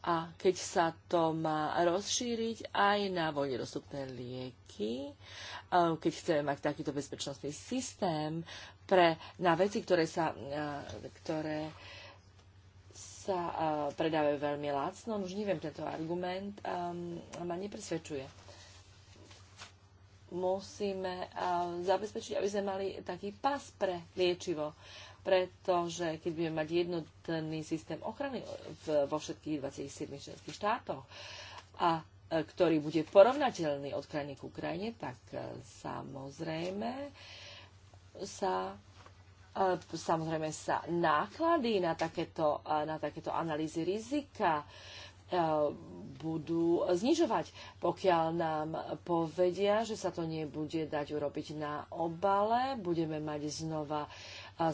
A keď sa to má rozšíriť aj na voľne dostupné lieky, keď chceme mať takýto bezpečnostný systém pre, na veci, ktoré sa, ktoré sa predávajú veľmi lacno, no už neviem, tento argument ma nepresvedčuje musíme zabezpečiť, aby sme mali taký pas pre liečivo. Pretože keď budeme mať jednotný systém ochrany e, vo všetkých 27 členských štátoch, a e, ktorý bude porovnateľný od krajiny ku krajine, tak e, samozrejme sa samozrejme sa náklady na takéto, na takéto analýzy rizika budú znižovať, pokiaľ nám povedia, že sa to nebude dať urobiť na obale, budeme mať znova e,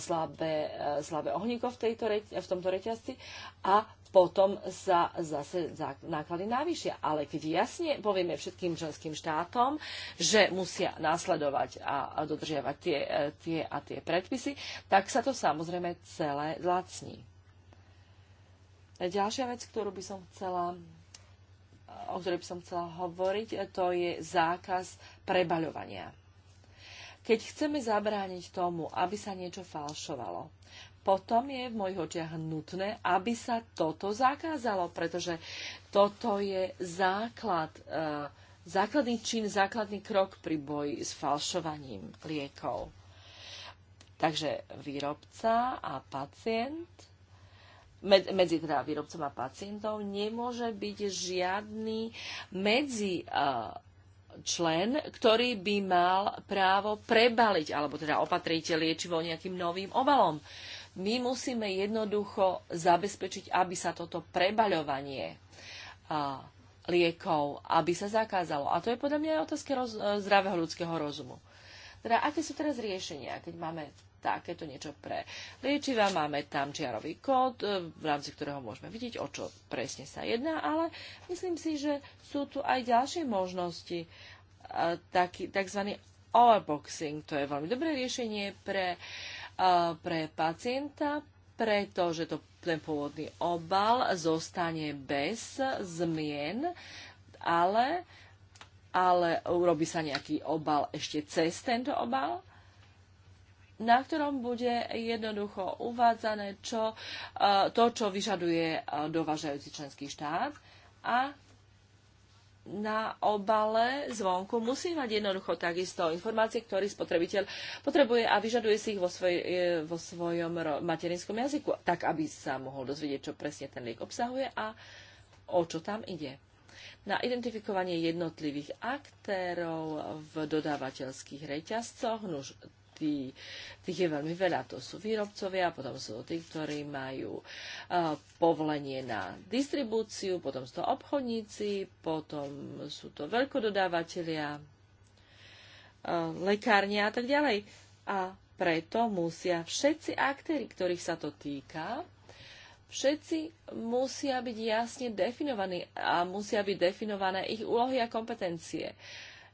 slabé, e, slabé ohníko v, tejto, v tomto reťazci a potom sa zase náklady navýšia. Ale keď jasne povieme všetkým členským štátom, že musia následovať a dodržiavať tie, e, tie a tie predpisy, tak sa to samozrejme celé zlacní. Ďalšia vec, ktorú by som chcela o ktorej by som chcela hovoriť, to je zákaz prebaľovania. Keď chceme zabrániť tomu, aby sa niečo falšovalo, potom je v mojich očiach nutné, aby sa toto zakázalo, pretože toto je základ, e, základný čin, základný krok pri boji s falšovaním liekov. Takže výrobca a pacient med, medzi teda výrobcom a pacientom nemôže byť žiadny medzi člen, ktorý by mal právo prebaliť alebo teda opatriť liečivo nejakým novým obalom. My musíme jednoducho zabezpečiť, aby sa toto prebaľovanie liekov, aby sa zakázalo. A to je podľa mňa aj otázka roz, e, zdravého ľudského rozumu. Teda, aké sú teraz riešenia, keď máme takéto niečo pre liečiva. Máme tam čiarový kód, e, v rámci ktorého môžeme vidieť, o čo presne sa jedná, ale myslím si, že sú tu aj ďalšie možnosti. E, taký, takzvaný overboxing, to je veľmi dobré riešenie pre, e, pre pacienta, pretože to, ten pôvodný obal zostane bez zmien, ale ale urobí sa nejaký obal ešte cez tento obal na ktorom bude jednoducho uvádzané čo, to, čo vyžaduje dovážajúci členský štát a na obale zvonku musí mať jednoducho takisto informácie, ktorý spotrebiteľ potrebuje a vyžaduje si ich vo, svoj, e, vo svojom materinskom jazyku, tak aby sa mohol dozvedieť, čo presne ten liek obsahuje a o čo tam ide. Na identifikovanie jednotlivých aktérov v dodávateľských reťazcoch, nuž tí, tých je veľmi veľa. To sú výrobcovia, potom sú to tí, ktorí majú uh, povolenie na distribúciu, potom sú to obchodníci, potom sú to veľkododávateľia, uh, lekárne a tak ďalej. A preto musia všetci aktéry, ktorých sa to týka, všetci musia byť jasne definovaní a musia byť definované ich úlohy a kompetencie.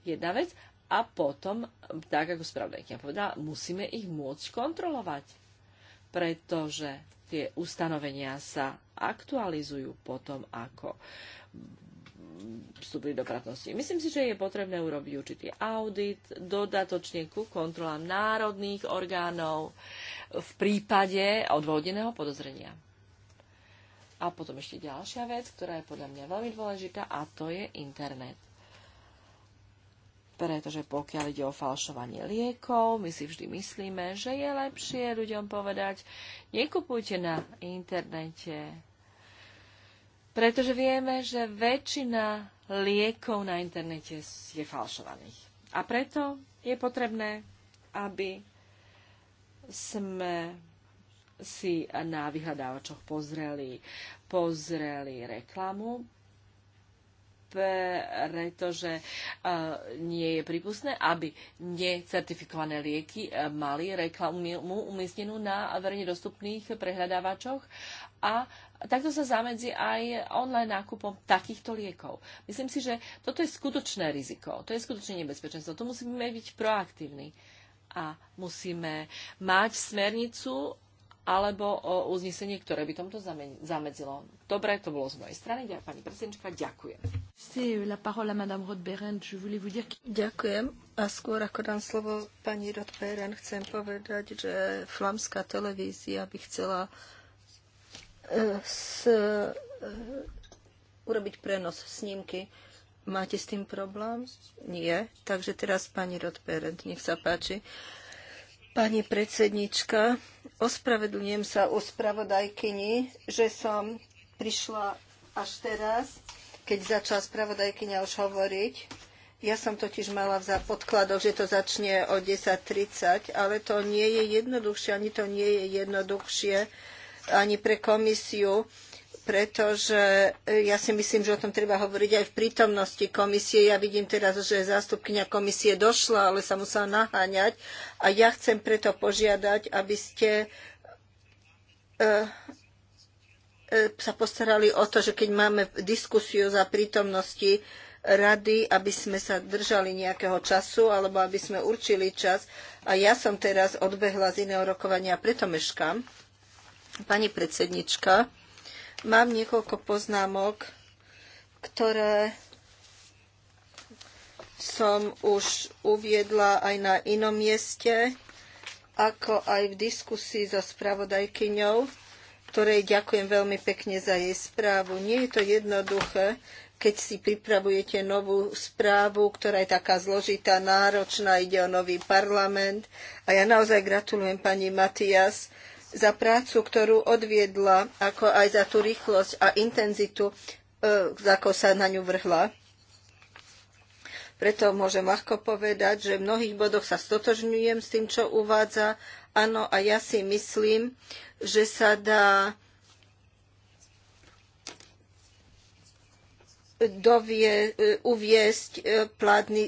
Jedna vec a potom, tak ako spravodajkňa povedala, musíme ich môcť kontrolovať, pretože tie ustanovenia sa aktualizujú potom, ako vstúpili do pratnosti. Myslím si, že je potrebné urobiť určitý audit dodatočne ku kontrolám národných orgánov v prípade odvodeného podozrenia. A potom ešte ďalšia vec, ktorá je podľa mňa veľmi dôležitá, a to je internet pretože pokiaľ ide o falšovanie liekov, my si vždy myslíme, že je lepšie ľuďom povedať, nekupujte na internete, pretože vieme, že väčšina liekov na internete je falšovaných. A preto je potrebné, aby sme si na vyhľadávačoch pozreli, pozreli reklamu, pretože e, nie je prípustné, aby necertifikované lieky e, mali reklamu umiestnenú na verejne dostupných prehľadávačoch a takto sa zamedzi aj online nákupom takýchto liekov. Myslím si, že toto je skutočné riziko, to je skutočné nebezpečenstvo, to musíme byť proaktívni a musíme mať smernicu alebo o e, uznesenie, ktoré by tomto zamedzilo. Dobre, to bolo z mojej strany. Pani predsednička, ďakujem. Euh, Ďakujem. A skôr ako dám slovo pani Rodberen, chcem povedať, že flamská televízia by chcela e, s, e, urobiť prenos snímky. Máte s tým problém? Nie. Takže teraz pani Rodberend, nech sa páči. Pani predsednička, ospravedlňujem sa u spravodajkyni, že som prišla až teraz keď začala spravodajkyňa už hovoriť. Ja som totiž mala za podkladoch, že to začne o 10.30, ale to nie je jednoduchšie, ani to nie je jednoduchšie ani pre komisiu, pretože e, ja si myslím, že o tom treba hovoriť aj v prítomnosti komisie. Ja vidím teraz, že zástupkynia komisie došla, ale sa musela naháňať. A ja chcem preto požiadať, aby ste e, E, sa postarali o to, že keď máme diskusiu za prítomnosti rady, aby sme sa držali nejakého času alebo aby sme určili čas. A ja som teraz odbehla z iného rokovania, preto meškám. Pani predsednička, mám niekoľko poznámok, ktoré som už uviedla aj na inom mieste, ako aj v diskusii so spravodajkyňou ktorej ďakujem veľmi pekne za jej správu. Nie je to jednoduché, keď si pripravujete novú správu, ktorá je taká zložitá, náročná, ide o nový parlament. A ja naozaj gratulujem pani Matias za prácu, ktorú odviedla, ako aj za tú rýchlosť a intenzitu, e, ako sa na ňu vrhla. Preto môžem ľahko povedať, že v mnohých bodoch sa stotožňujem s tým, čo uvádza Áno, a ja si myslím, že sa dá dovie, e, uviesť e, e,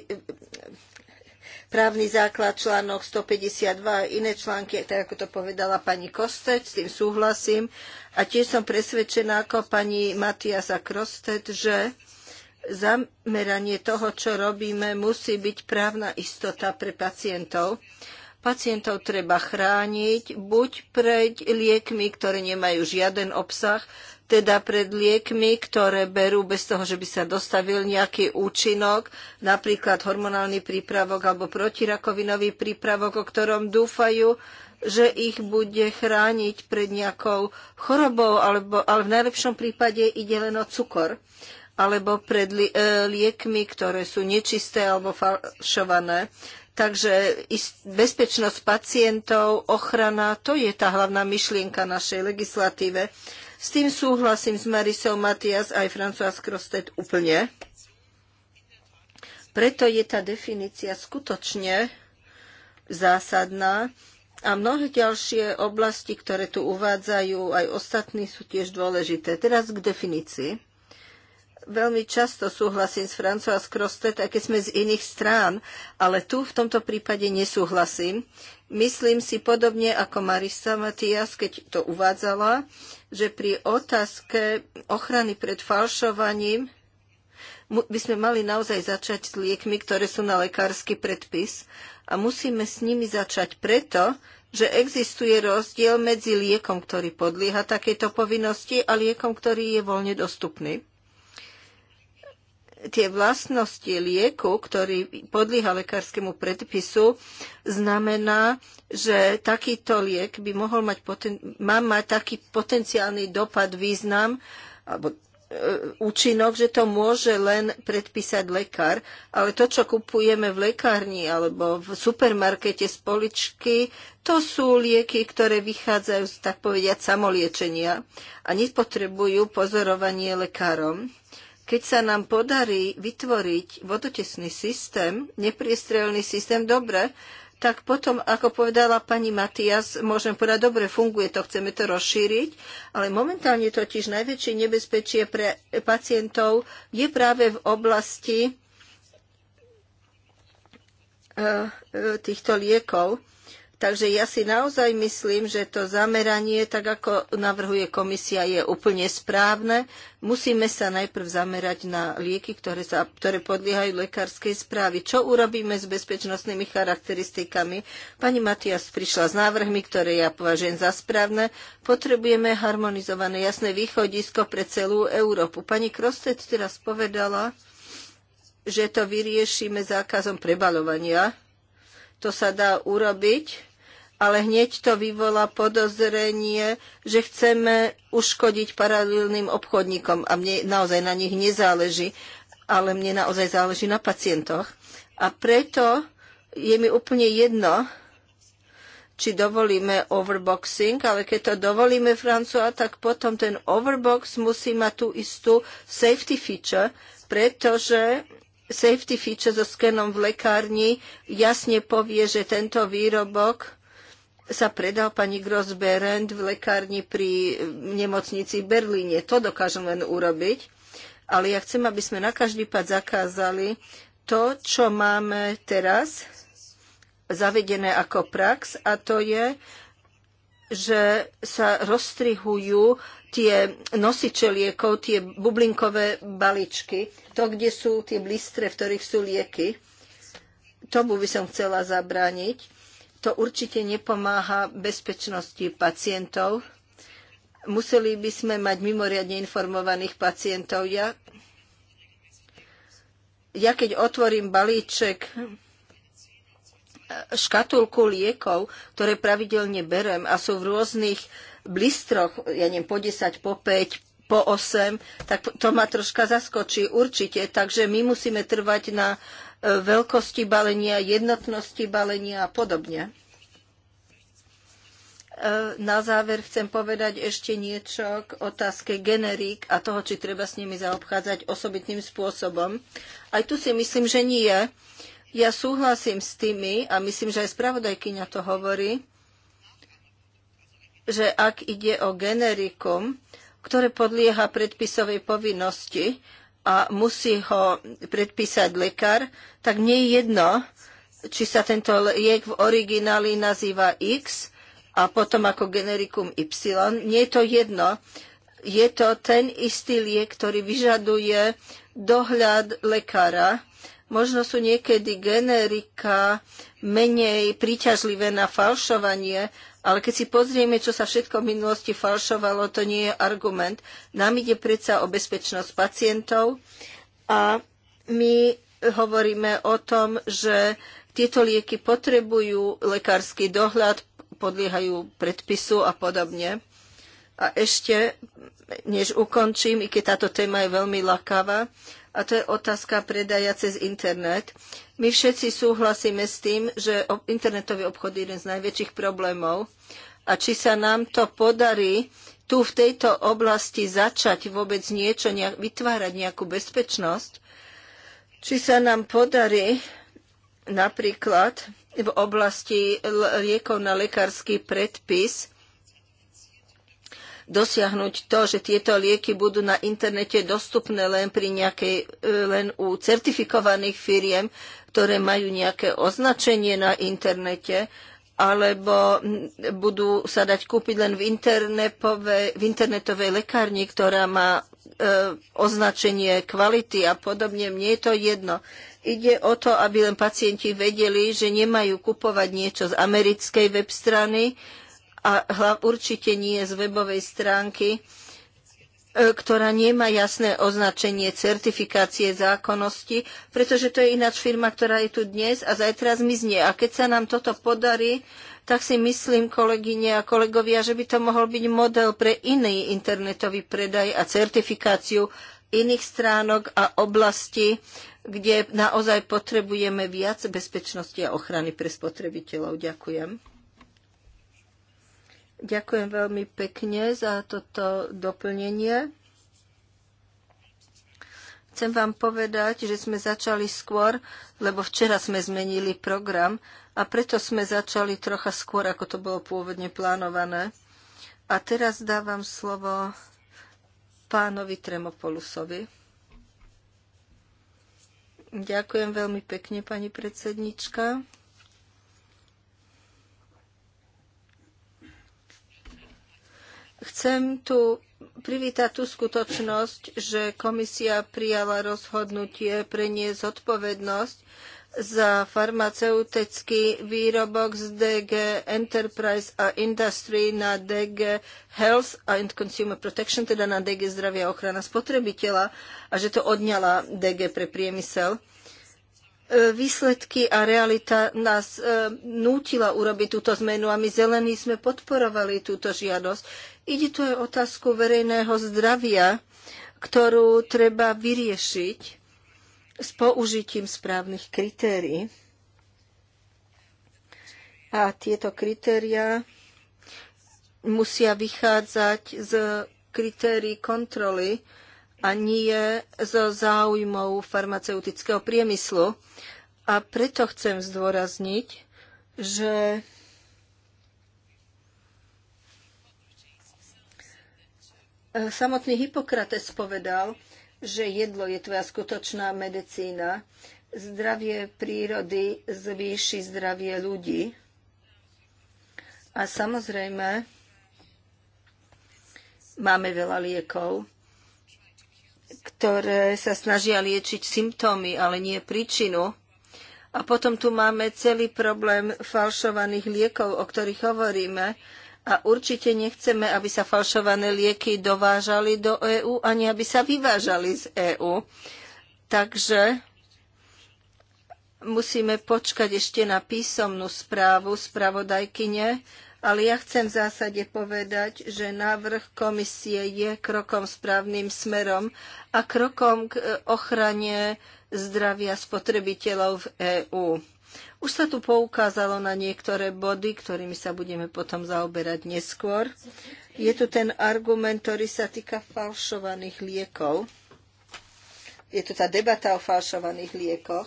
právny základ článok 152 a iné články, tak ako to povedala pani Kostec, s tým súhlasím. A tiež som presvedčená ako pani Matiasa Krostet, že zameranie toho, čo robíme, musí byť právna istota pre pacientov. Pacientov treba chrániť buď pred liekmi, ktoré nemajú žiaden obsah, teda pred liekmi, ktoré berú bez toho, že by sa dostavil nejaký účinok, napríklad hormonálny prípravok alebo protirakovinový prípravok, o ktorom dúfajú, že ich bude chrániť pred nejakou chorobou, alebo, ale v najlepšom prípade ide len o cukor, alebo pred e, liekmi, ktoré sú nečisté alebo falšované. Takže bezpečnosť pacientov, ochrana, to je tá hlavná myšlienka našej legislatíve. S tým súhlasím s Marisou Matias aj François Krostet úplne. Preto je tá definícia skutočne zásadná a mnohé ďalšie oblasti, ktoré tu uvádzajú aj ostatní, sú tiež dôležité. Teraz k definícii veľmi často súhlasím s Francois Crostet, aj keď sme z iných strán, ale tu v tomto prípade nesúhlasím. Myslím si podobne ako Marisa Matias, keď to uvádzala, že pri otázke ochrany pred falšovaním by sme mali naozaj začať s liekmi, ktoré sú na lekársky predpis a musíme s nimi začať preto, že existuje rozdiel medzi liekom, ktorý podlieha takéto povinnosti a liekom, ktorý je voľne dostupný tie vlastnosti lieku, ktorý podlieha lekárskému predpisu, znamená, že takýto liek by mohol mať, poten- má mať taký potenciálny dopad, význam alebo e, účinok, že to môže len predpísať lekár, ale to, čo kupujeme v lekárni alebo v supermarkete z poličky, to sú lieky, ktoré vychádzajú, tak povediať, samoliečenia a nepotrebujú pozorovanie lekárom. Keď sa nám podarí vytvoriť vodotesný systém, nepriestrelný systém, dobre, tak potom, ako povedala pani Matias, môžem povedať, dobre, funguje to, chceme to rozšíriť, ale momentálne totiž najväčšie nebezpečie pre pacientov je práve v oblasti eh, eh, týchto liekov. Takže ja si naozaj myslím, že to zameranie, tak ako navrhuje komisia, je úplne správne. Musíme sa najprv zamerať na lieky, ktoré, sa, ktoré podliehajú lekárskej správy. Čo urobíme s bezpečnostnými charakteristikami? Pani Matias prišla s návrhmi, ktoré ja považujem za správne. Potrebujeme harmonizované jasné východisko pre celú Európu. Pani Krostec teraz povedala, že to vyriešime zákazom prebalovania to sa dá urobiť ale hneď to vyvolá podozrenie, že chceme uškodiť paralelným obchodníkom a mne naozaj na nich nezáleží, ale mne naozaj záleží na pacientoch. A preto je mi úplne jedno, či dovolíme overboxing, ale keď to dovolíme Francúza, tak potom ten overbox musí mať tú istú safety feature, pretože safety feature so skenom v lekárni jasne povie, že tento výrobok sa predal pani Grossberend v lekárni pri eh, nemocnici v Berlíne. To dokážem len urobiť. Ale ja chcem, aby sme na každý pád zakázali to, čo máme teraz zavedené ako prax a to je, že sa rozstrihujú tie nosiče liekov, tie bublinkové baličky, to, kde sú tie blistre, v ktorých sú lieky. Tomu by som chcela zabrániť to určite nepomáha bezpečnosti pacientov. Museli by sme mať mimoriadne informovaných pacientov. Ja, ja keď otvorím balíček eh, škatulku liekov, ktoré pravidelne berem a sú v rôznych blistroch, ja neviem, po 10, po 5, po 8, tak to ma troška zaskočí určite. Takže my musíme trvať na veľkosti balenia, jednotnosti balenia a podobne. E, na záver chcem povedať ešte niečo k otázke generík a toho, či treba s nimi zaobchádzať osobitným spôsobom. Aj tu si myslím, že nie. Ja súhlasím s tými, a myslím, že aj spravodajkyňa to hovorí, že ak ide o generikum, ktoré podlieha predpisovej povinnosti, a musí ho predpísať lekár, tak nie je jedno, či sa tento liek v origináli nazýva X a potom ako generikum Y. Nie je to jedno. Je to ten istý liek, ktorý vyžaduje dohľad lekára. Možno sú niekedy generika menej príťažlivé na falšovanie, ale keď si pozrieme, čo sa všetko v minulosti falšovalo, to nie je argument. Nám ide predsa o bezpečnosť pacientov a my hovoríme o tom, že tieto lieky potrebujú lekársky dohľad, podliehajú predpisu a podobne. A ešte, než ukončím, i keď táto téma je veľmi lakáva, a to je otázka predaja cez internet. My všetci súhlasíme s tým, že internetový obchod je jeden z najväčších problémov a či sa nám to podarí tu v tejto oblasti začať vôbec niečo, nejak, vytvárať nejakú bezpečnosť, či sa nám podarí napríklad v oblasti liekov na lekársky predpis dosiahnuť to, že tieto lieky budú na internete dostupné len, pri nejakej, e, len u certifikovaných firiem, ktoré majú nejaké označenie na internete, alebo budú sa dať kúpiť len v, v internetovej lekárni, ktorá má e, označenie kvality a podobne. Mne je to jedno. Ide o to, aby len pacienti vedeli, že nemajú kupovať niečo z americkej web strany a určite nie z webovej stránky, E, ktorá nemá jasné označenie certifikácie zákonnosti, pretože to je ináč firma, ktorá je tu dnes a zajtra zmizne. A keď sa nám toto podarí, tak si myslím, kolegyne a kolegovia, že by to mohol byť model pre iný internetový predaj a certifikáciu iných stránok a oblasti, kde naozaj potrebujeme viac bezpečnosti a ochrany pre spotrebiteľov. Ďakujem. Ďakujem veľmi pekne za toto doplnenie. Chcem vám povedať, že sme začali skôr, lebo včera sme zmenili program a preto sme začali trocha skôr, ako to bolo pôvodne plánované. A teraz dávam slovo pánovi Tremopolusovi. Ďakujem veľmi pekne, pani predsednička. Chcem tu privítať tú skutočnosť, že komisia prijala rozhodnutie preniesť zodpovednosť za farmaceutický výrobok z DG Enterprise a Industry na DG Health and Consumer Protection, teda na DG Zdravia a ochrana spotrebiteľa a že to odňala DG pre priemysel. E, výsledky a realita nás e, nútila urobiť túto zmenu a my zelení sme podporovali túto žiadosť. Ide tu aj otázku verejného zdravia, ktorú treba vyriešiť s použitím správnych kritérií. A tieto kritéria musia vychádzať z kritérií kontroly, a nie zo záujmov farmaceutického priemyslu. A preto chcem zdôrazniť, že samotný Hipokrates povedal, že jedlo je tvoja skutočná medicína, zdravie prírody zvýši zdravie ľudí. A samozrejme, máme veľa liekov, ktoré sa snažia liečiť symptómy, ale nie príčinu. A potom tu máme celý problém falšovaných liekov, o ktorých hovoríme. A určite nechceme, aby sa falšované lieky dovážali do EÚ, ani aby sa vyvážali z EÚ. Takže musíme počkať ešte na písomnú správu spravodajkyne ale ja chcem v zásade povedať, že návrh komisie je krokom správnym smerom a krokom k e, ochrane zdravia spotrebiteľov v EÚ. Už sa tu poukázalo na niektoré body, ktorými sa budeme potom zaoberať neskôr. Je tu ten argument, ktorý sa týka falšovaných liekov. Je tu tá debata o falšovaných liekoch.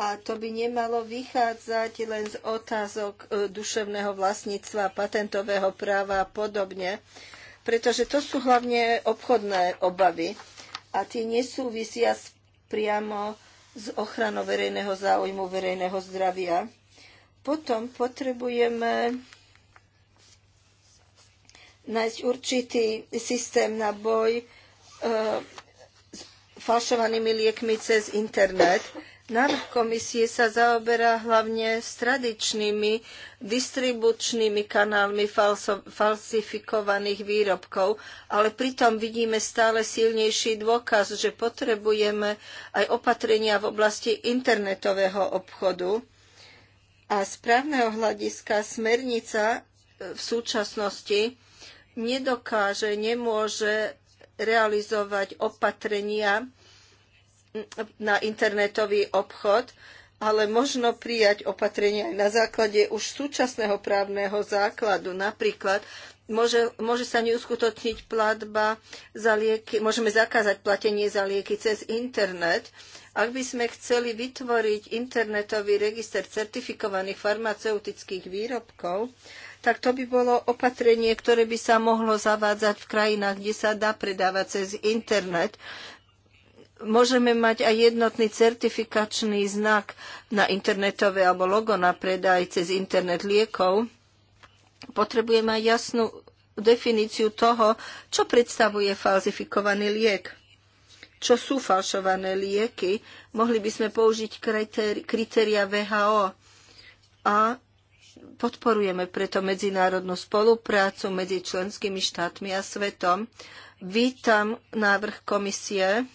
A to by nemalo vychádzať len z otázok e, duševného vlastníctva, patentového práva a podobne, pretože to sú hlavne obchodné obavy a tie nesúvisia priamo s ochranou verejného záujmu, verejného zdravia. Potom potrebujeme nájsť určitý systém na boj e, s falšovanými liekmi cez internet. Návrh komisie sa zaoberá hlavne s tradičnými distribučnými kanálmi falsifikovaných výrobkov, ale pritom vidíme stále silnejší dôkaz, že potrebujeme aj opatrenia v oblasti internetového obchodu. A z právneho hľadiska smernica e, v súčasnosti nedokáže, nemôže realizovať opatrenia, na internetový obchod, ale možno prijať opatrenia aj na základe už súčasného právneho základu. Napríklad môže, môže sa neuskutočniť platba za lieky, môžeme zakázať platenie za lieky cez internet. Ak by sme chceli vytvoriť internetový register certifikovaných farmaceutických výrobkov, tak to by bolo opatrenie, ktoré by sa mohlo zavádzať v krajinách, kde sa dá predávať cez internet môžeme mať aj jednotný certifikačný znak na internetové alebo logo na predaj cez internet liekov. Potrebujeme aj jasnú definíciu toho, čo predstavuje falzifikovaný liek. Čo sú falšované lieky? Mohli by sme použiť kritéria VHO. A podporujeme preto medzinárodnú spoluprácu medzi členskými štátmi a svetom. Vítam návrh komisie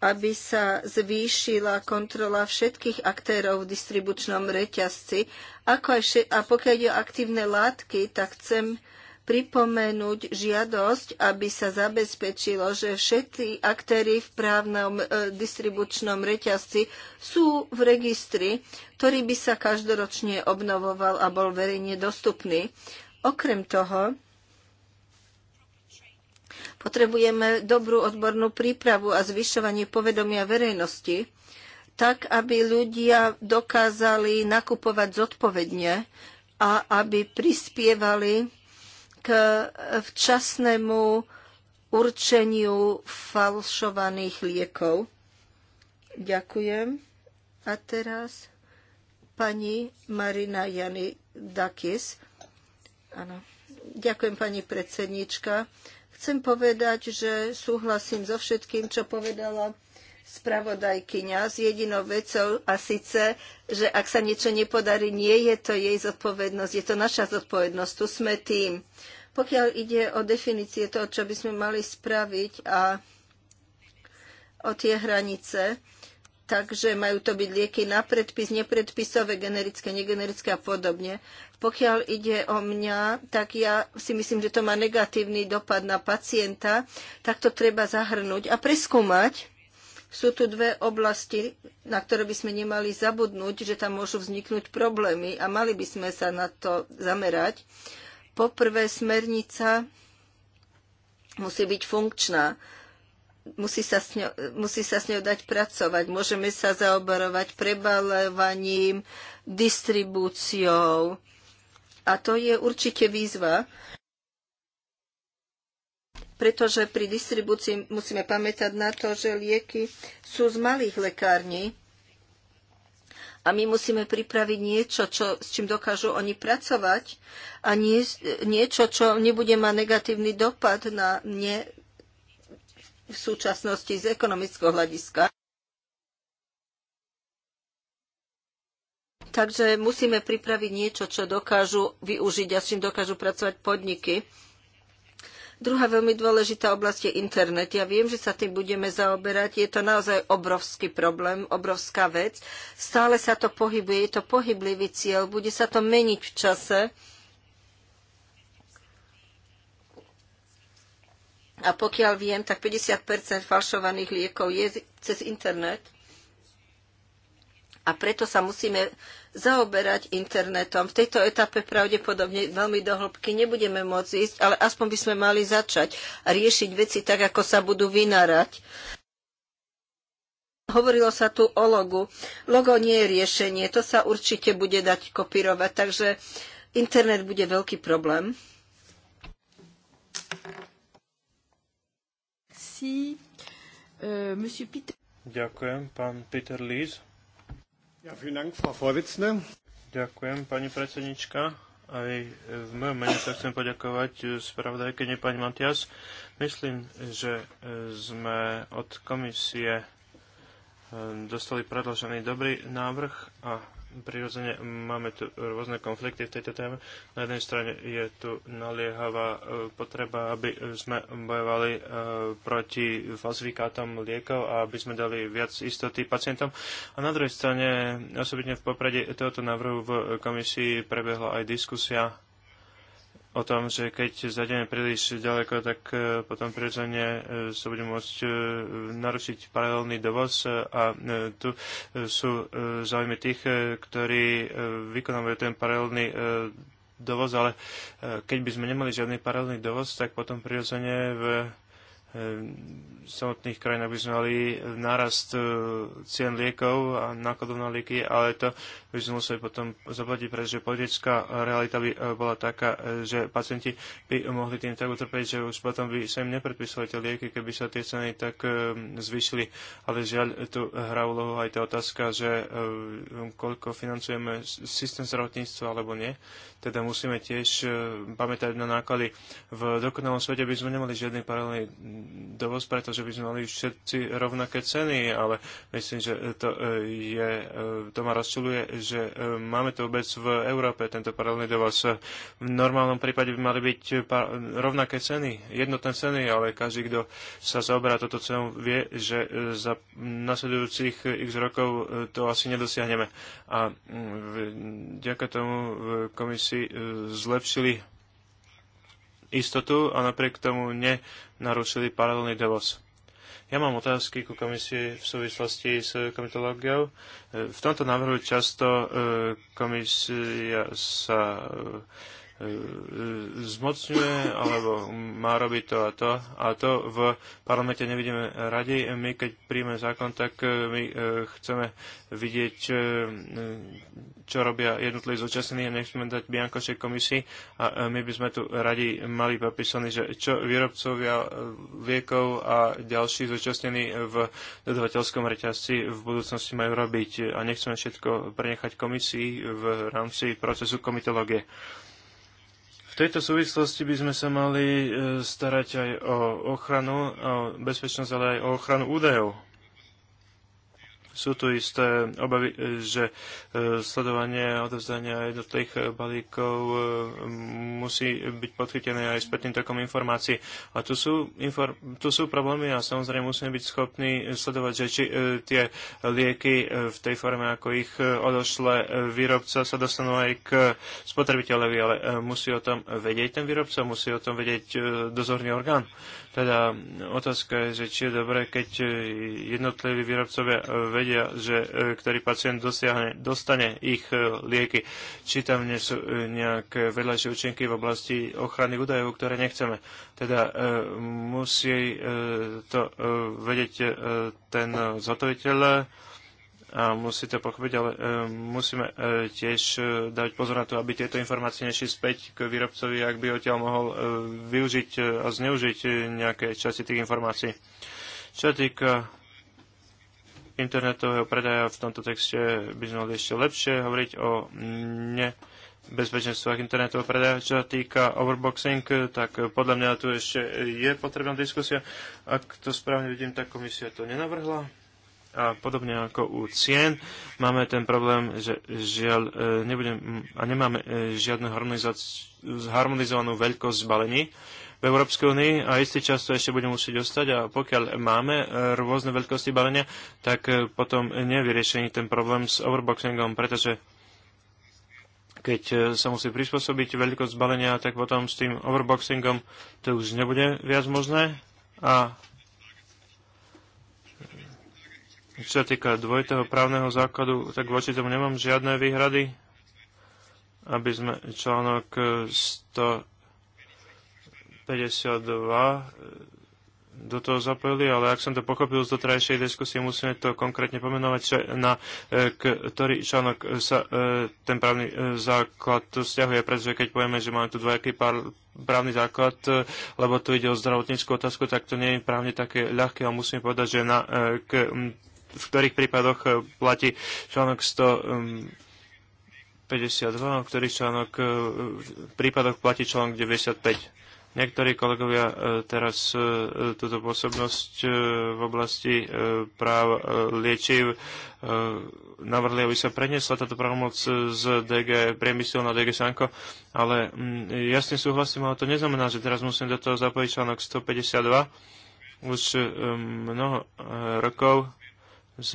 aby sa zvýšila kontrola všetkých aktérov v distribučnom reťazci. Ako aj a pokiaľ ide o aktívne látky, tak chcem pripomenúť žiadosť, aby sa zabezpečilo, že všetci aktéry v právnom e, distribučnom reťazci sú v registri, ktorý by sa každoročne obnovoval a bol verejne dostupný. Okrem toho, Potrebujeme dobrú odbornú prípravu a zvyšovanie povedomia verejnosti, tak aby ľudia dokázali nakupovať zodpovedne a aby prispievali k včasnému určeniu falšovaných liekov. Ďakujem. A teraz pani Marina Jany Dakis. Áno. Ďakujem, pani predsednička. Chcem povedať, že súhlasím so všetkým, čo povedala spravodajkyňa s jedinou vecou a síce, že ak sa niečo nepodarí, nie je to jej zodpovednosť, je to naša zodpovednosť, tu sme tým. Pokiaľ ide o definície toho, čo by sme mali spraviť a o tie hranice, takže majú to byť lieky na predpis, nepredpisové, generické, negenerické a podobne. Pokiaľ ide o mňa, tak ja si myslím, že to má negatívny dopad na pacienta, tak to treba zahrnúť a preskúmať. Sú tu dve oblasti, na ktoré by sme nemali zabudnúť, že tam môžu vzniknúť problémy a mali by sme sa na to zamerať. Poprvé, smernica musí byť funkčná musí sa, s ňou, musí sa s ňou dať pracovať. Môžeme sa zaoberovať prebalovaním, distribúciou, a to je určite výzva, pretože pri distribúcii musíme pamätať na to, že lieky sú z malých lekární a my musíme pripraviť niečo, čo, s čím dokážu oni pracovať a nie, niečo, čo nebude mať negatívny dopad na ne v súčasnosti z ekonomického hľadiska. Takže musíme pripraviť niečo, čo dokážu využiť a s čím dokážu pracovať podniky. Druhá veľmi dôležitá oblasť je internet. Ja viem, že sa tým budeme zaoberať. Je to naozaj obrovský problém, obrovská vec. Stále sa to pohybuje, je to pohyblivý cieľ, bude sa to meniť v čase. A pokiaľ viem, tak 50 falšovaných liekov je cez internet. A preto sa musíme zaoberať internetom. V tejto etape pravdepodobne veľmi dohlbky nebudeme môcť ísť, ale aspoň by sme mali začať a riešiť veci tak, ako sa budú vynárať. Hovorilo sa tu o logu. Logo nie je riešenie, to sa určite bude dať kopírovať, takže internet bude veľký problém. Si, uh, Peter... Ďakujem, pán Peter Lees. Ja, Dank, Frau Vorsitzende. Ďakujem, pani predsednička. Aj v mojom mene sa chcem poďakovať eh, spravodajkene pani Matias. Myslím, že eh, sme od komisie eh, dostali predložený dobrý návrh a prirodzene máme tu rôzne konflikty v tejto téme. Na jednej strane je tu naliehavá e, potreba, aby sme bojovali e, proti falsifikátom liekov a aby sme dali viac istoty pacientom. A na druhej strane, osobitne v popredí tohoto návrhu v komisii prebehla aj diskusia o tom, že keď zajdeme príliš ďaleko, tak e, potom prirodzene e, sa bude môcť e, narušiť paralelný dovoz a tu sú záujmy tých, ktorí vykonávajú ten paralelný dovoz, ale keď by sme nemali žiadny paralelný dovoz, tak potom prirodzene v Ehm, samotných krajinách by sme mali nárast e, cien liekov a nákladov na lieky, ale to by sme museli potom zaplatiť, pretože politická realita by e, bola taká, e, že pacienti by mohli tým tak utrpeť, že už potom by sa im nepredpísali tie lieky, keby sa tie ceny tak zvyšili. Ale žiaľ, tu hrá úlohu aj tá otázka, že koľko financujeme systém zdravotníctva alebo nie. Teda musíme tiež pamätať na náklady. V dokonalom svete by sme nemali žiadny paralelný dovoz, pretože by sme mali všetci rovnaké ceny, ale myslím, že to, e, je, e, to ma rozčuluje, že e, máme to vôbec v Európe, tento paralelný dovoz. V normálnom prípade by mali byť rovnaké ceny, jednotné ceny, ale každý, kto sa zaoberá toto cenou, vie, že za nasledujúcich x rokov to asi nedosiahneme. A vďaka tomu v komisii zlepšili istotu a napriek tomu nenarušili paralelný dovoz. Ja mám otázky ku komisii v súvislosti s komitológiou. V tomto návrhu často e, komisia sa e, E, zmocňuje, alebo má robiť to a to. A to v parlamente nevidíme radi. My, keď príjme zákon, tak e, my e, chceme vidieť, čo robia jednotliví zúčastnení a nechceme dať Biankošej komisii. A my by sme tu radi mali popísané, že čo výrobcovia liekov a ďalší zúčastnení v dodavateľskom reťazci v budúcnosti majú robiť. A nechceme všetko prenechať komisii v rámci procesu komitológie tejto súvislosti by sme sa mali e, starať aj o ochranu, o bezpečnosť, ale aj o ochranu údajov sú tu isté obavy, že e, sledovanie a odovzdania jednotlivých e, balíkov e, musí byť podchytené aj spätným takom informácií. A tu sú, inform- tu sú problémy a samozrejme musíme byť schopní sledovať, že či tie lieky v tej forme, ako ich odošle výrobca, sa dostanú aj k spotrebiteľovi, ale musí o tom vedieť ten výrobca, musí o tom vedieť dozorný orgán. Teda otázka je, že či je dobré, keď e, jednotliví výrobcovia e, vedia, že e, ktorý pacient dosiahne, dostane ich lieky, či tam nie sú nejaké vedľajšie účinky v oblasti ochrany údajov, ktoré nechceme. Teda musí to vedieť ten zhotoviteľ a musíte to pochopiť, ale e, musíme e, tiež e, dať pozor na to, aby tieto informácie nešli späť k výrobcovi, ak by odtiaľ mohol e, využiť e, a zneužiť e, nejaké časti tých informácií. Čo sa týka internetového predaja v tomto texte by sme mohli ešte lepšie hovoriť o nebezpečenstvách internetového predaja. Čo sa týka overboxing, tak podľa mňa tu ešte je potrebná diskusia. Ak to správne vidím, tak komisia to nenavrhla a podobne ako u cien máme ten problém, že žiaľ e, nebudem, a nemáme e, žiadnu harmonizovanú veľkosť balení v Európskej únii a istý čas to ešte budeme musieť dostať a pokiaľ máme e, rôzne veľkosti balenia, tak potom vyriešený ten problém s overboxingom, pretože keď sa musí prispôsobiť veľkosť balenia, tak potom s tým overboxingom to už nebude viac možné a Čo sa týka dvojitého právneho základu, tak voči tomu nemám žiadne výhrady, aby sme článok 152 eh, do toho zapojili, ale ak som to pochopil z dotrajšej diskusie, musíme to konkrétne pomenovať, čo, na eh, ktorý článok sa eh, ten právny základ vzťahuje, pretože keď povieme, že máme tu dvojaký pár, právny základ, lebo tu ide o zdravotníckú otázku, tak to nie je právne také ľahké a musíme povedať, že na k v ktorých prípadoch eh, platí článok 100 52, o ktorých článok eh, v prípadoch platí článok 95. Niektorí kolegovia eh, teraz túto pôsobnosť v oblasti práv liečiv navrhli, aby sa preniesla táto právomoc z DG Priemysel na DG Sanko, ale mm, jasne súhlasím, ale to neznamená, že teraz musím do toho zapojiť článok 152. Už mnoho rokov z,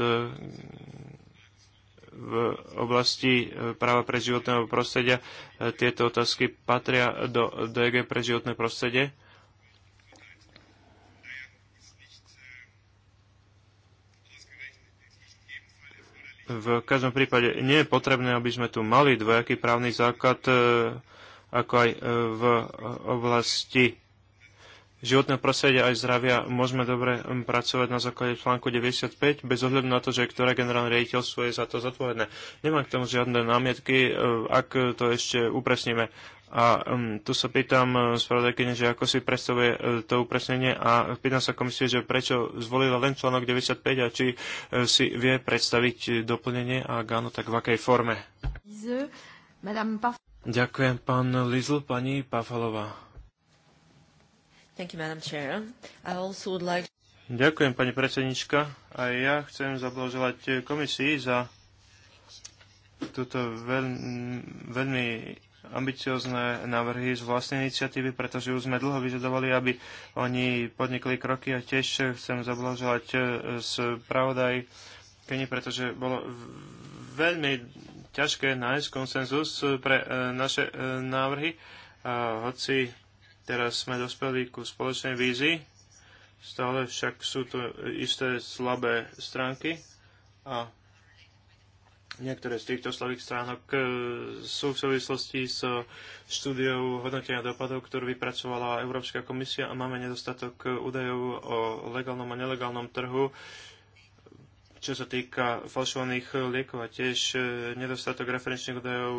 v oblasti eh, práva pre životného prostredia. Eh, tieto otázky patria do DG pre životné prostredie. V každom prípade nie je potrebné, aby sme tu mali dvojaký právny základ, eh, ako aj v oblasti životného prostredia aj zdravia môžeme dobre pracovať na základe článku 95, bez ohľadu na to, že ktoré generálne riaditeľstvo je za to zodpovedné. Nemám k tomu žiadne námietky, e, ak to ešte upresníme. A um, tu sa pýtam uh, spravodajkyne, že ako si predstavuje uh, to upresnenie a pýtam sa komisie, že prečo zvolila len článok 95 a či uh, si vie predstaviť doplnenie a áno, tak v akej forme. Ďakujem, pán Lizl, pani Pafalová. Ďakujem, pani predsednička. A ja chcem zablažovať komisii za túto veľmi, veľmi ambiciozne návrhy z vlastnej iniciatívy, pretože už sme dlho vyžadovali, aby oni podnikli kroky a tiež chcem zablažovať e, spravodaj Keni, pretože bolo veľmi ťažké nájsť konsenzus pre e, naše e, návrhy, a hoci Teraz sme dospeli ku spoločnej vízi, stále však sú to isté slabé stránky a Niektoré z týchto slabých stránok e, sú v súvislosti s štúdiou hodnotenia dopadov, ktorú vypracovala Európska komisia a máme nedostatok údajov o legálnom a nelegálnom trhu, čo sa týka falšovaných liekov a tiež e, nedostatok referenčných údajov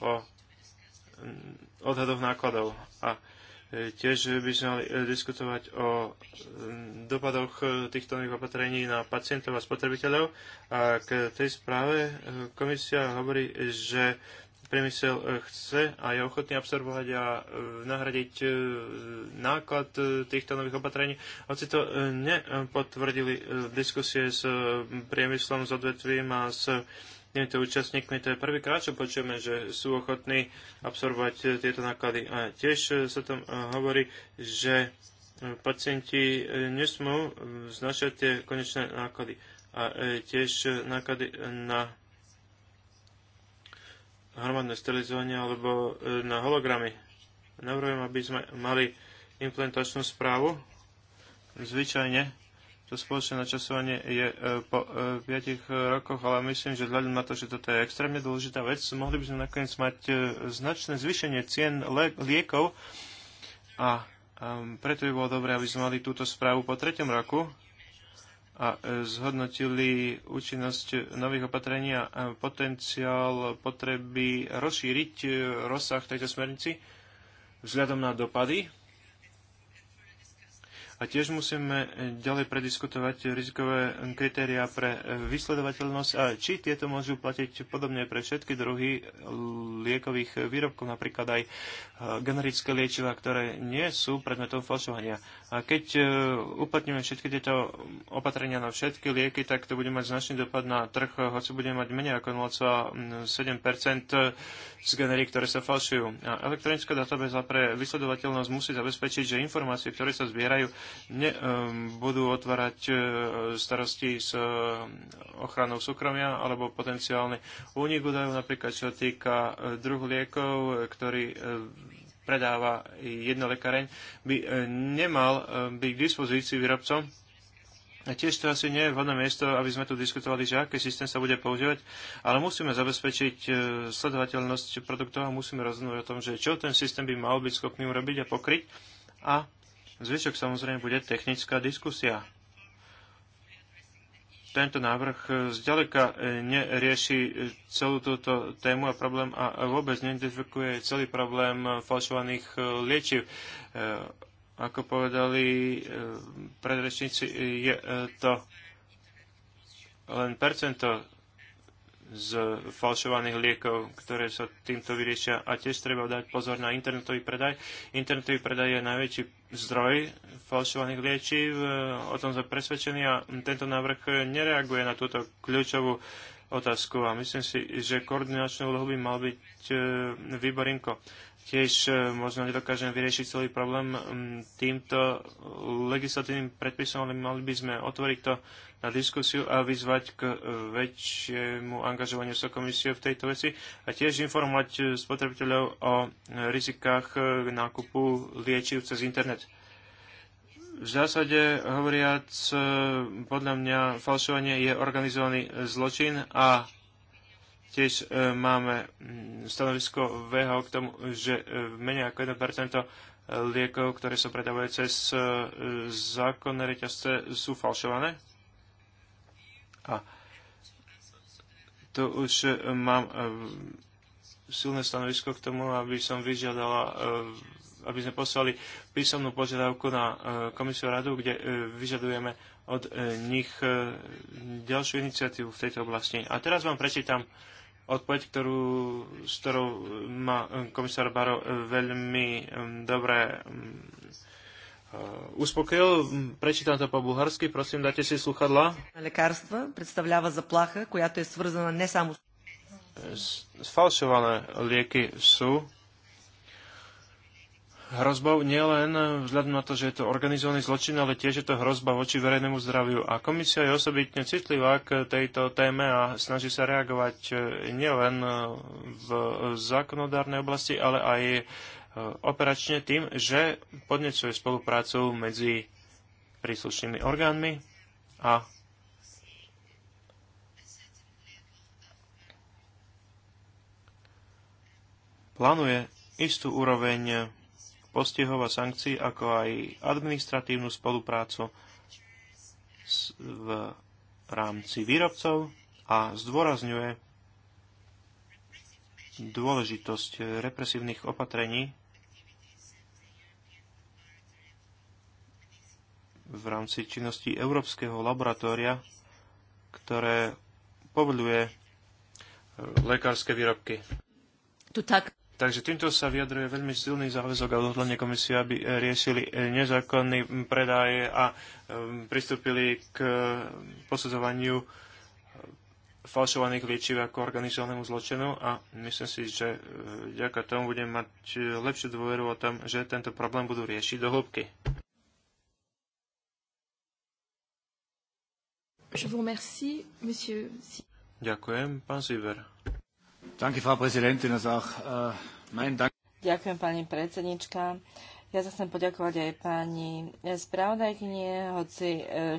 o odhadoch nákladov. A Tiež by sme mali eh, diskutovať o mm, dopadoch eh, týchto nových opatrení na pacientov a spotrebiteľov. A k tej správe eh, komisia hovorí, že priemysel chce a je ochotný absorbovať a nahradiť náklad týchto nových opatrení. Hoci to nepotvrdili diskusie s priemyslom, s odvetvím a s týmito účastníkmi. To je prvýkrát, čo počujeme, že sú ochotní absorbovať eh, tieto náklady. A tiež eh, sa tam eh, hovorí, že pacienti nesmú mm, znašať tie konečné náklady. A tiež náklady na hromadné sterilizovanie alebo na hologramy. Navrhujem, aby sme mali implantačnú správu. Zvyčajne to spoločné načasovanie je e, po 5 e, e, rokoch, ale myslím, že vzhľadom na to, že toto je extrémne dôležitá vec, mohli by sme nakoniec mať značné zvýšenie cien liekov a preto by bolo dobré, aby sme mali túto správu po tretom roku a zhodnotili účinnosť nových opatrení a potenciál potreby rozšíriť rozsah tejto smernici vzhľadom na dopady a tiež musíme e, ďalej prediskutovať rizikové kritéria pre e, vysledovateľnosť a či tieto môžu platiť podobne pre všetky druhy e, liekových výrobkov, napríklad aj generické liečiva, ktoré nie sú predmetom falšovania. A keď uplatníme všetky tieto opatrenia na všetky lieky, tak to bude mať značný dopad na trh, hoci bude mať menej ako 0,7 z generí, ktoré sa falšujú. A elektronická databáza pre vysledovateľnosť musí zabezpečiť, že informácie, ktoré sa zbierajú, ne, ehm, budú otvárať e, starosti s e, ochranou súkromia alebo potenciálny únik údajov, napríklad čo týka e, druhu liekov, ktorý predáva jedna lekareň, by nemal byť k dispozícii výrobcom. A tiež to asi nie je vhodné miesto, aby sme tu diskutovali, že aký systém sa bude používať, ale musíme zabezpečiť sledovateľnosť produktov a musíme rozhodnúť o tom, že čo ten systém by mal byť schopný urobiť a pokryť a Zvyšok samozrejme bude technická diskusia. Tento návrh e, zďaleka e, nerieši e, celú túto tému a problém a vôbec neidentifikuje celý problém falšovaných liečiv ako povedali predrečníci, je to len percento z falšovaných liekov, ktoré sa týmto vyriešia. A tiež treba dať pozor na internetový predaj. Internetový predaj je najväčší zdroj falšovaných liečiv, o tom sme presvedčení a tento návrh nereaguje na túto kľúčovú otázku a myslím si, že koordinačnou úlohu by mal byť e, výbor INKO tiež e, možno nedokážeme vyriešiť celý problém týmto legislatívnym predpisom, ale mali by sme otvoriť to na diskusiu a vyzvať k e, väčšiemu angažovaniu sa komisie v tejto veci a tiež informovať e, spotrebiteľov o rizikách nákupu liečiv cez internet. V zásade hovoriac, podľa mňa falšovanie je organizovaný zločin a Tiež e, máme mm, stanovisko VHO k tomu, že e, menej ako 1% e, liekov, ktoré sa predávajú cez zákonné reťazce, sú falšované. A tu už mám silné stanovisko k tomu, aby som vyžiadala, aby sme poslali písomnú požiadavku na komisiu radu, kde vyžadujeme od nich ďalšiu iniciatívu v tejto oblasti. A teraz vám prečítam odpoveď, ktorú, s ktorou ma eh, komisár Baro eh, veľmi eh, dobre uspokojil. Prečítam to po bulharsky, prosím, dajte si sluchadla. Lekárstvo представлява заплаха, която е свързана не само с... Сфалшиване sú hrozbou nielen vzhľadom na to, že je to organizovaný zločin, ale tiež je to hrozba voči verejnému zdraviu. A komisia je osobitne citlivá k tejto téme a snaží sa reagovať e, nielen e, v zákonodárnej oblasti, ale aj e, operačne tým, že podnecuje spoluprácu medzi príslušnými orgánmi a plánuje istú úroveň postihov a sankcií, ako aj administratívnu spoluprácu v rámci výrobcov a zdôrazňuje dôležitosť represívnych opatrení v rámci činnosti Európskeho laboratória, ktoré povoluje e, lekárske výrobky. Tu tak. Takže týmto sa vyjadruje veľmi silný záväzok a odhodlanie komisie, aby eh, riešili eh, nezákonný mm, predaj a mm, pristúpili k mm, posudzovaniu eh, falšovaných liečiv ako organizovanému zločinu a myslím si, že vďaka tomu budem mať lepšiu dôveru o tom, že tento problém budú riešiť do hĺbky. Ďakujem, pán Ziver. Äh, Ďakujem, pani predsednička. Ja sa chcem poďakovať aj pani spravodajkyni, e,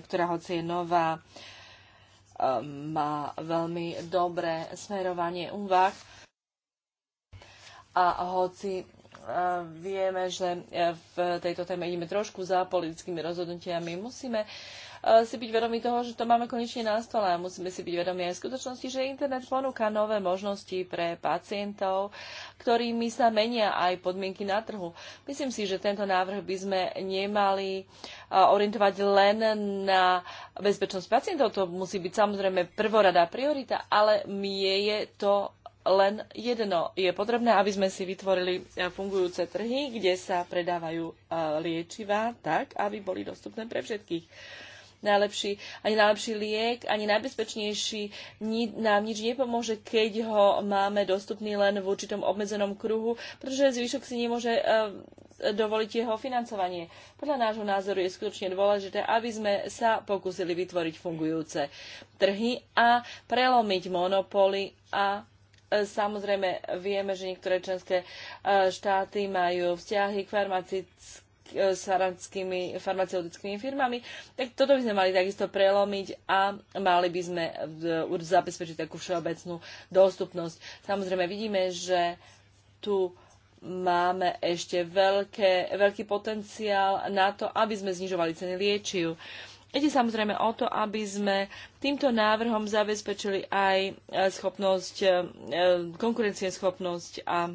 ktorá hoci je nová, e, má veľmi dobré smerovanie úvah. A hoci e, vieme, že v tejto téme ideme trošku za politickými rozhodnutiami, musíme Eh, si byť vedomi toho, že to máme konečne na stole a musíme si byť vedomi aj v skutočnosti, že internet ponúka nové možnosti pre pacientov, ktorými sa menia aj podmienky na trhu. Myslím si, že tento návrh by sme nemali eh, orientovať len na bezpečnosť pacientov. To musí byť samozrejme prvoradá priorita, ale mie je to len jedno. Je potrebné, aby sme si vytvorili eh, fungujúce trhy, kde sa predávajú liečivá tak, aby boli dostupné pre všetkých najlepší, ani najlepší liek, ani najbezpečnejší ni, nám nič nepomôže, keď ho máme dostupný len v určitom obmedzenom kruhu, pretože zvyšok si nemôže e, dovoliť jeho financovanie. Podľa nášho názoru je skutočne dôležité, aby sme sa pokúsili vytvoriť fungujúce trhy a prelomiť monopoly a eh, Samozrejme, vieme, že niektoré členské eh, štáty majú vzťahy k farmacickým E, s farmaceutickými, farmaceutickými firmami, tak toto by sme mali takisto prelomiť a mali by sme zabezpečiť takú všeobecnú dostupnosť. Samozrejme vidíme, že tu máme ešte veľké, veľký potenciál na to, aby sme znižovali ceny liečiv. Ide samozrejme o to, aby sme týmto návrhom zabezpečili aj e, schopnosť, e, konkurencieschopnosť a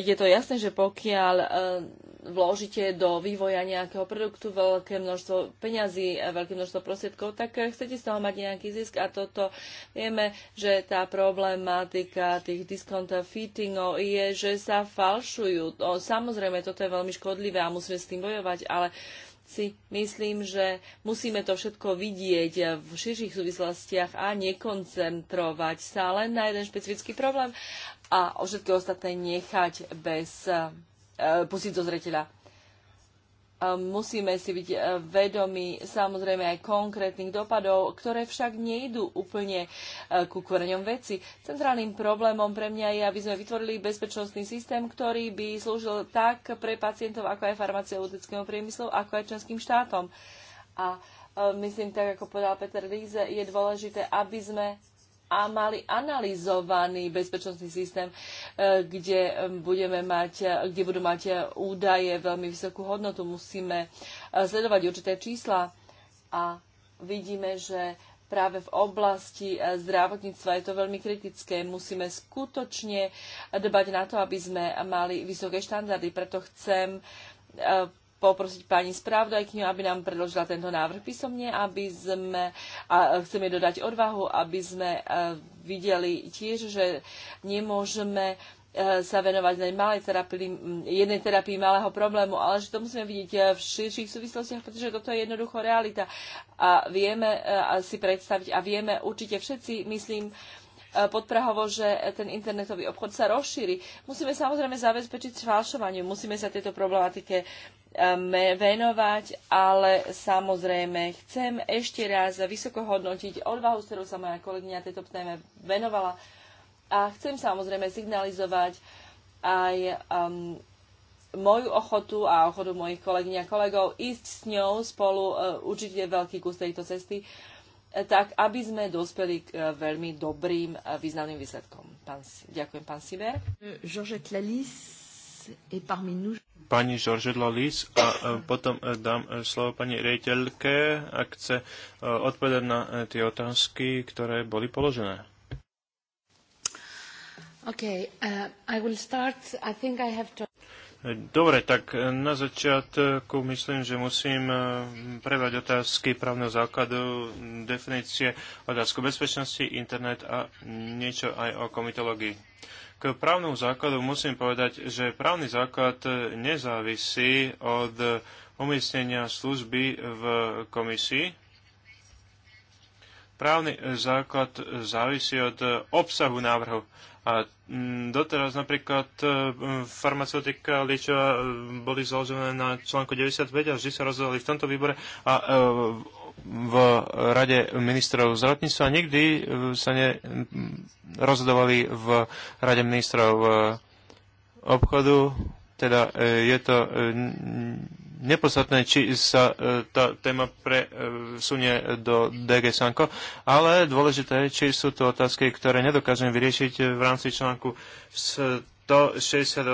je to jasné, že pokiaľ e, vložíte do vývoja nejakého produktu veľké množstvo peňazí, veľké množstvo prostriedkov, tak e, chcete z toho mať nejaký zisk a toto vieme, že tá problematika tých discount fittingov je, že sa falšujú. No, samozrejme, toto je veľmi škodlivé a musíme s tým bojovať, ale si myslím, že musíme to všetko vidieť v širších súvislostiach a nekoncentrovať sa len na jeden špecifický problém a o všetky ostatné nechať bez eh, eh, pustiť do zreteľa. Eh, musíme si byť vedomi samozrejme aj konkrétnych dopadov, ktoré však nejdú úplne ku koreňom veci. Centrálnym problémom pre mňa je, aby sme vytvorili bezpečnostný systém, ktorý by slúžil tak pre pacientov, ako aj farmaceutickému priemyslu, ako aj členským štátom. A myslím, tak ako povedal Peter Líze, je dôležité, aby sme a mali analyzovaný bezpečnostný systém, e, kde, budeme mať, e, kde budú mať e, údaje veľmi vysokú hodnotu. Musíme sledovať určité čísla a vidíme, že práve v oblasti zdravotníctva je to veľmi kritické. Musíme skutočne dbať na to, aby sme mali vysoké štandardy. Preto chcem poprosiť pani správdajkňu, aby nám predložila tento návrh písomne, aby sme, a chceme dodať odvahu, aby sme e, videli tiež, že nemôžeme e, sa venovať len malej terapii, jednej terapii malého problému, ale že to musíme vidieť e, v širších súvislostiach, pretože toto je jednoducho realita. A vieme si predstaviť a vieme určite všetci, myslím, podprahovo, že ten internetový obchod sa rozšíri. Musíme samozrejme zabezpečiť falšovanie, musíme sa tejto problematike venovať, ale samozrejme chcem ešte raz vysoko hodnotiť odvahu, s ktorou sa moja kolegyňa tejto téme venovala a chcem samozrejme signalizovať aj um, moju ochotu a ochotu mojich kolegyň a kolegov ísť s ňou spolu uh, určite veľký kus tejto cesty, tak aby sme dospeli k uh, veľmi dobrým uh, významným výsledkom. Pán, ďakujem, pán Siber. Georgette Lalis Pani Žoržedla Lalis a potom e, dám e, slovo pani rejiteľke, ak chce e, odpovedať na tie otázky, ktoré boli položené. Okay, uh, I will start. I think I have to... Dobre, tak na začiatku myslím, že musím prevať otázky právneho základu, definície, otázku bezpečnosti, internet a niečo aj o komitológii. K právnom základu musím povedať, že právny základ e, nezávisí od e, umiestnenia služby v komisii. Právny e, základ závisí od obsahu návrhu. A mm, doteraz napríklad farmaceutika liečeva boli založené na článku 95 a vždy sa rozhodli v tomto výbore a v Rade ministrov zdravotníctva, nikdy eh, sa ne mm, rozhodovali v Rade ministrov eh, obchodu, teda eh, je to nepodstatné, či sa tá téma presunie do DG Sanko, ale dôležité je, či sú to otázky, ktoré nedokážeme vyriešiť v rámci článku 168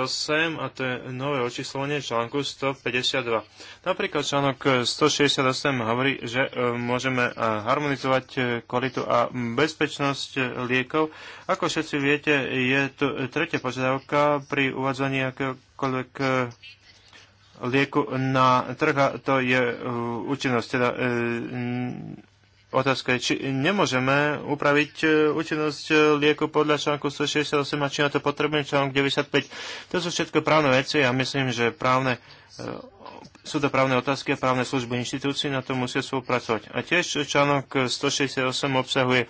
a to je nové očíslovanie článku 152. Napríklad článok 168 hovorí, že e, môžeme e, harmonizovať e, kvalitu a bezpečnosť liekov. Ako všetci viete, je tu tretia požiadavka pri uvádzaní akéhokoľvek lieku na trh a to je účinnosť. Teda Otázka je, či nemôžeme upraviť e, účinnosť e, lieku podľa článku 168 a či na to potrebujeme článok 95. To sú všetko právne veci a myslím, že právne e, sú to právne otázky a právne služby inštitúcií na to musia spolupracovať. A tiež článok 168 obsahuje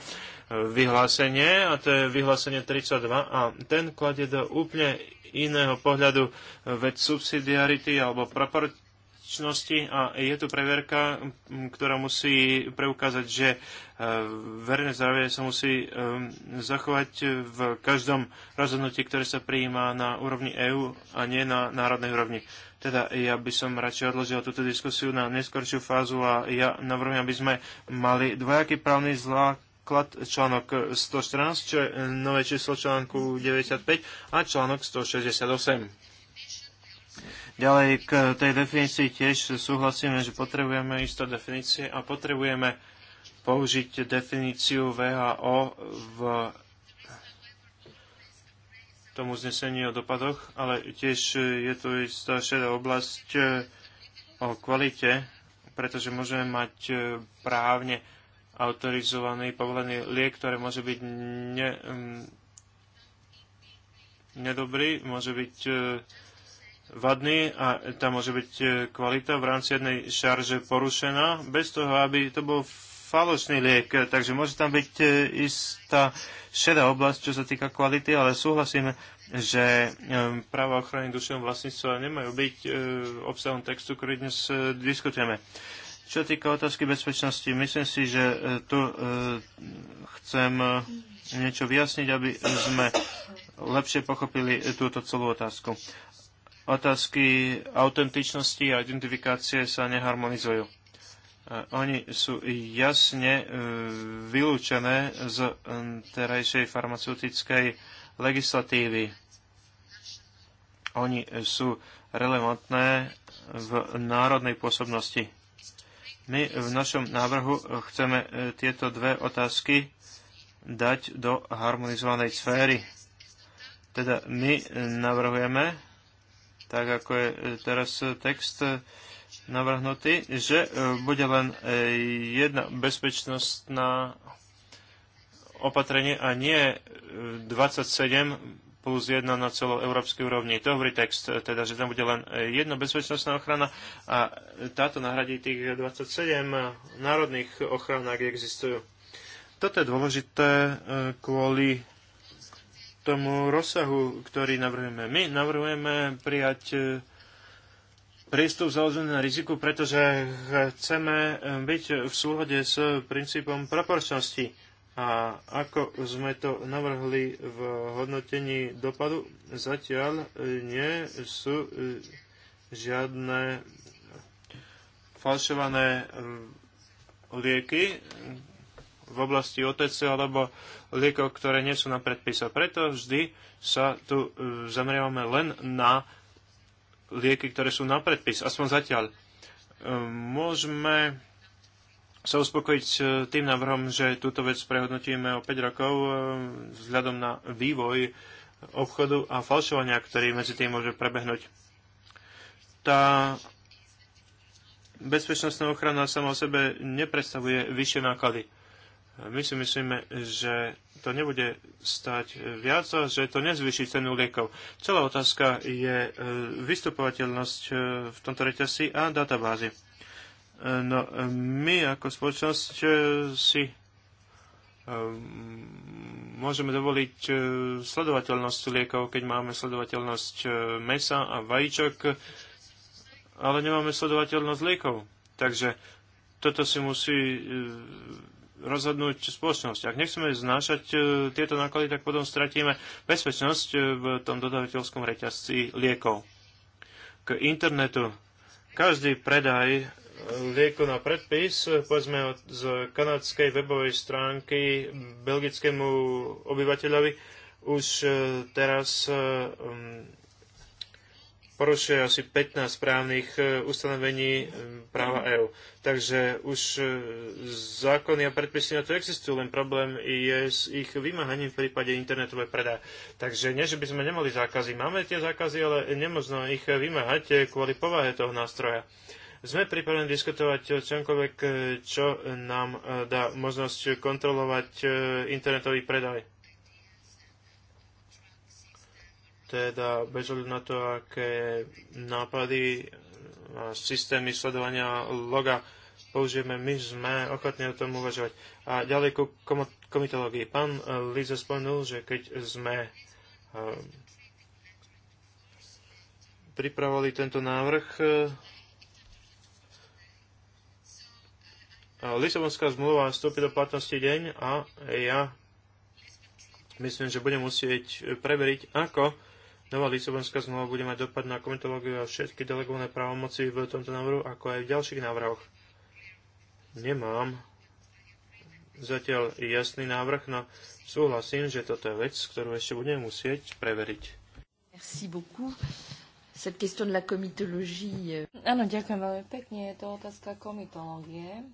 vyhlásenie, a to je vyhlásenie 32, a ten kladie do úplne iného pohľadu vec subsidiarity alebo proporcionality bezpečnosti a je tu preverka, ktorá musí preukázať, že e, verejné zdravie sa musí e, zachovať v každom rozhodnutí, ktoré sa prijíma na úrovni EÚ a nie na národnej úrovni. Teda ja by som radšej odložil túto diskusiu na neskoršiu fázu a ja navrhujem, aby sme mali dvojaký právny základ článok 114, čo je nové číslo článku 95 a článok 168. Ďalej k tej definícii tiež súhlasíme, že potrebujeme isté definície a potrebujeme použiť definíciu VHO v tom uznesení o dopadoch, ale tiež je tu istá šedá oblasť e, o kvalite, pretože môžeme mať e, právne autorizovaný povolený liek, ktorý môže byť ne, nedobrý, môže byť e, vadný a tam môže byť e, kvalita v rámci jednej šarže porušená, bez toho, aby to bol falošný liek. Takže môže tam byť e, istá šedá oblasť, čo sa týka kvality, ale súhlasím, že e, práva ochrany duševného vlastníctva nemajú byť obsahom textu, ktorý dnes diskutujeme. Čo týka otázky bezpečnosti, myslím si, že tu chcem niečo vyjasniť, aby sme lepšie pochopili túto celú otázku otázky autentičnosti a identifikácie sa neharmonizujú. E, oni sú jasne e, vylúčené z e, terajšej farmaceutickej legislatívy. Oni sú relevantné v národnej pôsobnosti. My v našom návrhu chceme tieto dve otázky dať do harmonizovanej sféry. Teda my navrhujeme, tak ako je e, teraz e, text e, navrhnutý, že bude len jedna bezpečnostná opatrenie a nie 27 plus jedna na celo európskej úrovni. To hovorí text, teda, že tam bude len jedna bezpečnostná ochrana a táto nahradí tých 27 národných ochran, ak existujú. Toto je dôležité kvôli tomu rozsahu, ktorý navrhujeme. My navrhujeme prijať e, prístup založený na riziku, pretože chceme e, byť v súhode s princípom proporčnosti. A ako sme to navrhli v hodnotení dopadu, zatiaľ e, nie sú žiadne falšované lieky v oblasti OTC alebo liekov, ktoré nie sú na predpise. Preto vždy sa tu e, zameriavame len na lieky, ktoré sú na predpis, aspoň zatiaľ. E, môžeme sa uspokojiť s tým návrhom, že túto vec prehodnotíme o 5 rokov e, vzhľadom na vývoj obchodu a falšovania, ktorý medzi tým môže prebehnúť. Tá bezpečnostná ochrana sama o sebe nepredstavuje vyššie náklady my si myslíme, že to nebude stať viac a že to nezvyší cenu liekov. Celá otázka je e, vystupovateľnosť e, v tomto reťazci a databázy. E, no, my ako spoločnosť si môžeme dovoliť sledovateľnosť liekov, keď máme sledovateľnosť mesa a vajíčok, ale nemáme sledovateľnosť liekov. Takže toto si musí rozhodnúť spoločnosť. Ak nechceme znášať e, tieto náklady, tak potom stratíme bezpečnosť e, v tom dodavateľskom reťazci liekov. K internetu. Každý predaj e, lieku na predpis, povedzme z kanadskej webovej stránky belgickému obyvateľovi, už teraz porušuje asi 15 právnych e, ustanovení e, práva mhm. EÚ. Takže už e, zákony a predpisy na to existujú, len problém je s ich vymáhaním v prípade internetovej predaje. Takže nie, že by sme nemali zákazy. Máme tie zákazy, ale nemožno ich vymáhať kvôli povahe toho nástroja sme pripravení diskutovať čomkoľvek, čo nám dá možnosť kontrolovať internetový predaj. teda bez ohľadu na to, aké nápady a systémy sledovania loga použijeme, my sme ochotní o tom uvažovať. A ďalej ku komitológii. Pán eh, Liza spomenul, že keď sme eh, pripravovali tento návrh, eh, Lisabonská zmluva vstúpi do platnosti deň a ja myslím, že budem musieť preveriť, ako Nová Lisabonská zmluva bude mať dopad na komitológiu a všetky delegované právomoci v tomto návrhu, ako aj v ďalších návrhoch. Nemám zatiaľ jasný návrh, no súhlasím, že toto je vec, ktorú ešte budem musieť preveriť. Merci beaucoup. Cette question de la comitologie. Euh, Áno, ďakujem veľmi pekne. Je to otázka komitológie.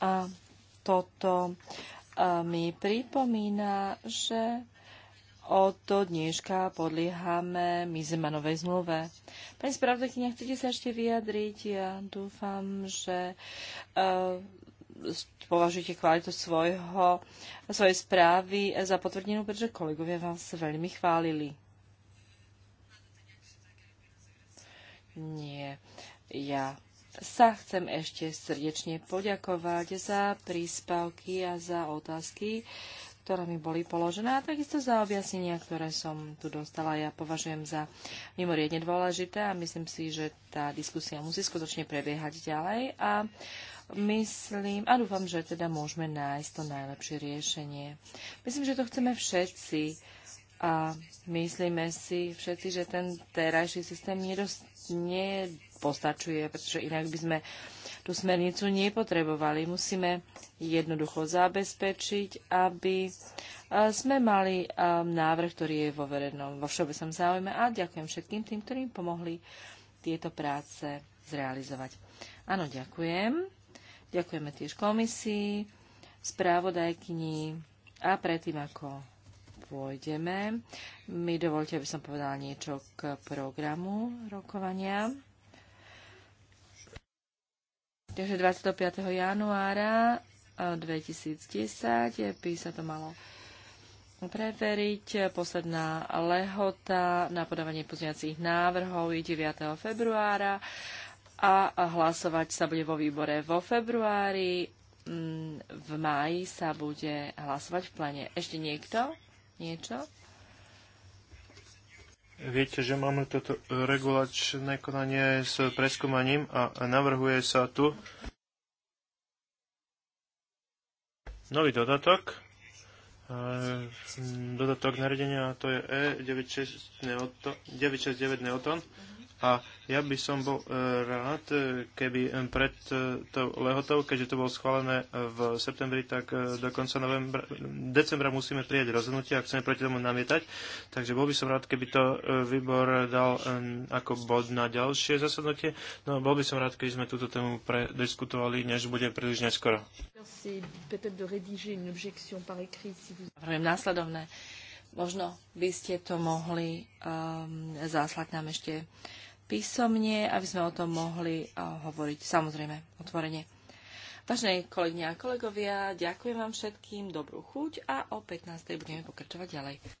A toto mi pripomína, že od dneška podliehame Mizemanovej zmluve. Pani spravodajkynia, chcete sa ešte vyjadriť? Ja dúfam, že uh, považujete kvalitu svojho, svojej správy za potvrdenú, pretože kolegovia vás veľmi chválili. Nie, ja sa chcem ešte srdečne poďakovať za príspavky a za otázky, ktoré mi boli položené a takisto za objasnenia, ktoré som tu dostala. Ja považujem za mimoriadne dôležité a myslím si, že tá diskusia musí skutočne prebiehať ďalej a myslím a dúfam, že teda môžeme nájsť to najlepšie riešenie. Myslím, že to chceme všetci a myslíme si všetci, že ten terajší systém nedos- postačuje, pretože inak by sme tú smernicu nepotrebovali. Musíme jednoducho zabezpečiť, aby sme mali návrh, ktorý je vo verejnom, vo všeobecnom záujme a ďakujem všetkým tým, ktorým pomohli tieto práce zrealizovať. Áno, ďakujem. Ďakujeme tiež komisii, správodajkyni a predtým, ako pôjdeme, mi dovolte, aby som povedala niečo k programu rokovania. Takže 25. januára 2010 e, e, by sa to malo preveriť. Posledná lehota na podávanie pozňacích návrhov je 9. februára a hlasovať sa bude vo výbore vo februári. Mm, v máji sa bude hlasovať v plene. Ešte niekto? Niečo? Viete, že máme toto regulačné konanie s preskúmaním a navrhuje sa tu nový dodatok, e, dodatok nariadenia, to je E969 neoton, a ja by som bol e, rád, e, keby e, pred tou lehotou, keďže to bolo schválené v septembri, tak do konca novembra, decembra musíme prijať rozhodnutie a chceme proti tomu namietať. Takže bol by som rád, keby to výbor dal ako bod na ďalšie zasadnutie. No bol by som rád, keby sme túto tému prediskutovali, než bude príliš neskoro. Navrhujem následovné. Možno by ste to mohli um, záslať nám ešte písomne, aby sme o tom mohli eh, hovoriť samozrejme otvorene. Vážené kolegyne a kolegovia, ďakujem vám všetkým, dobrú chuť a o 15. budeme pokračovať ďalej.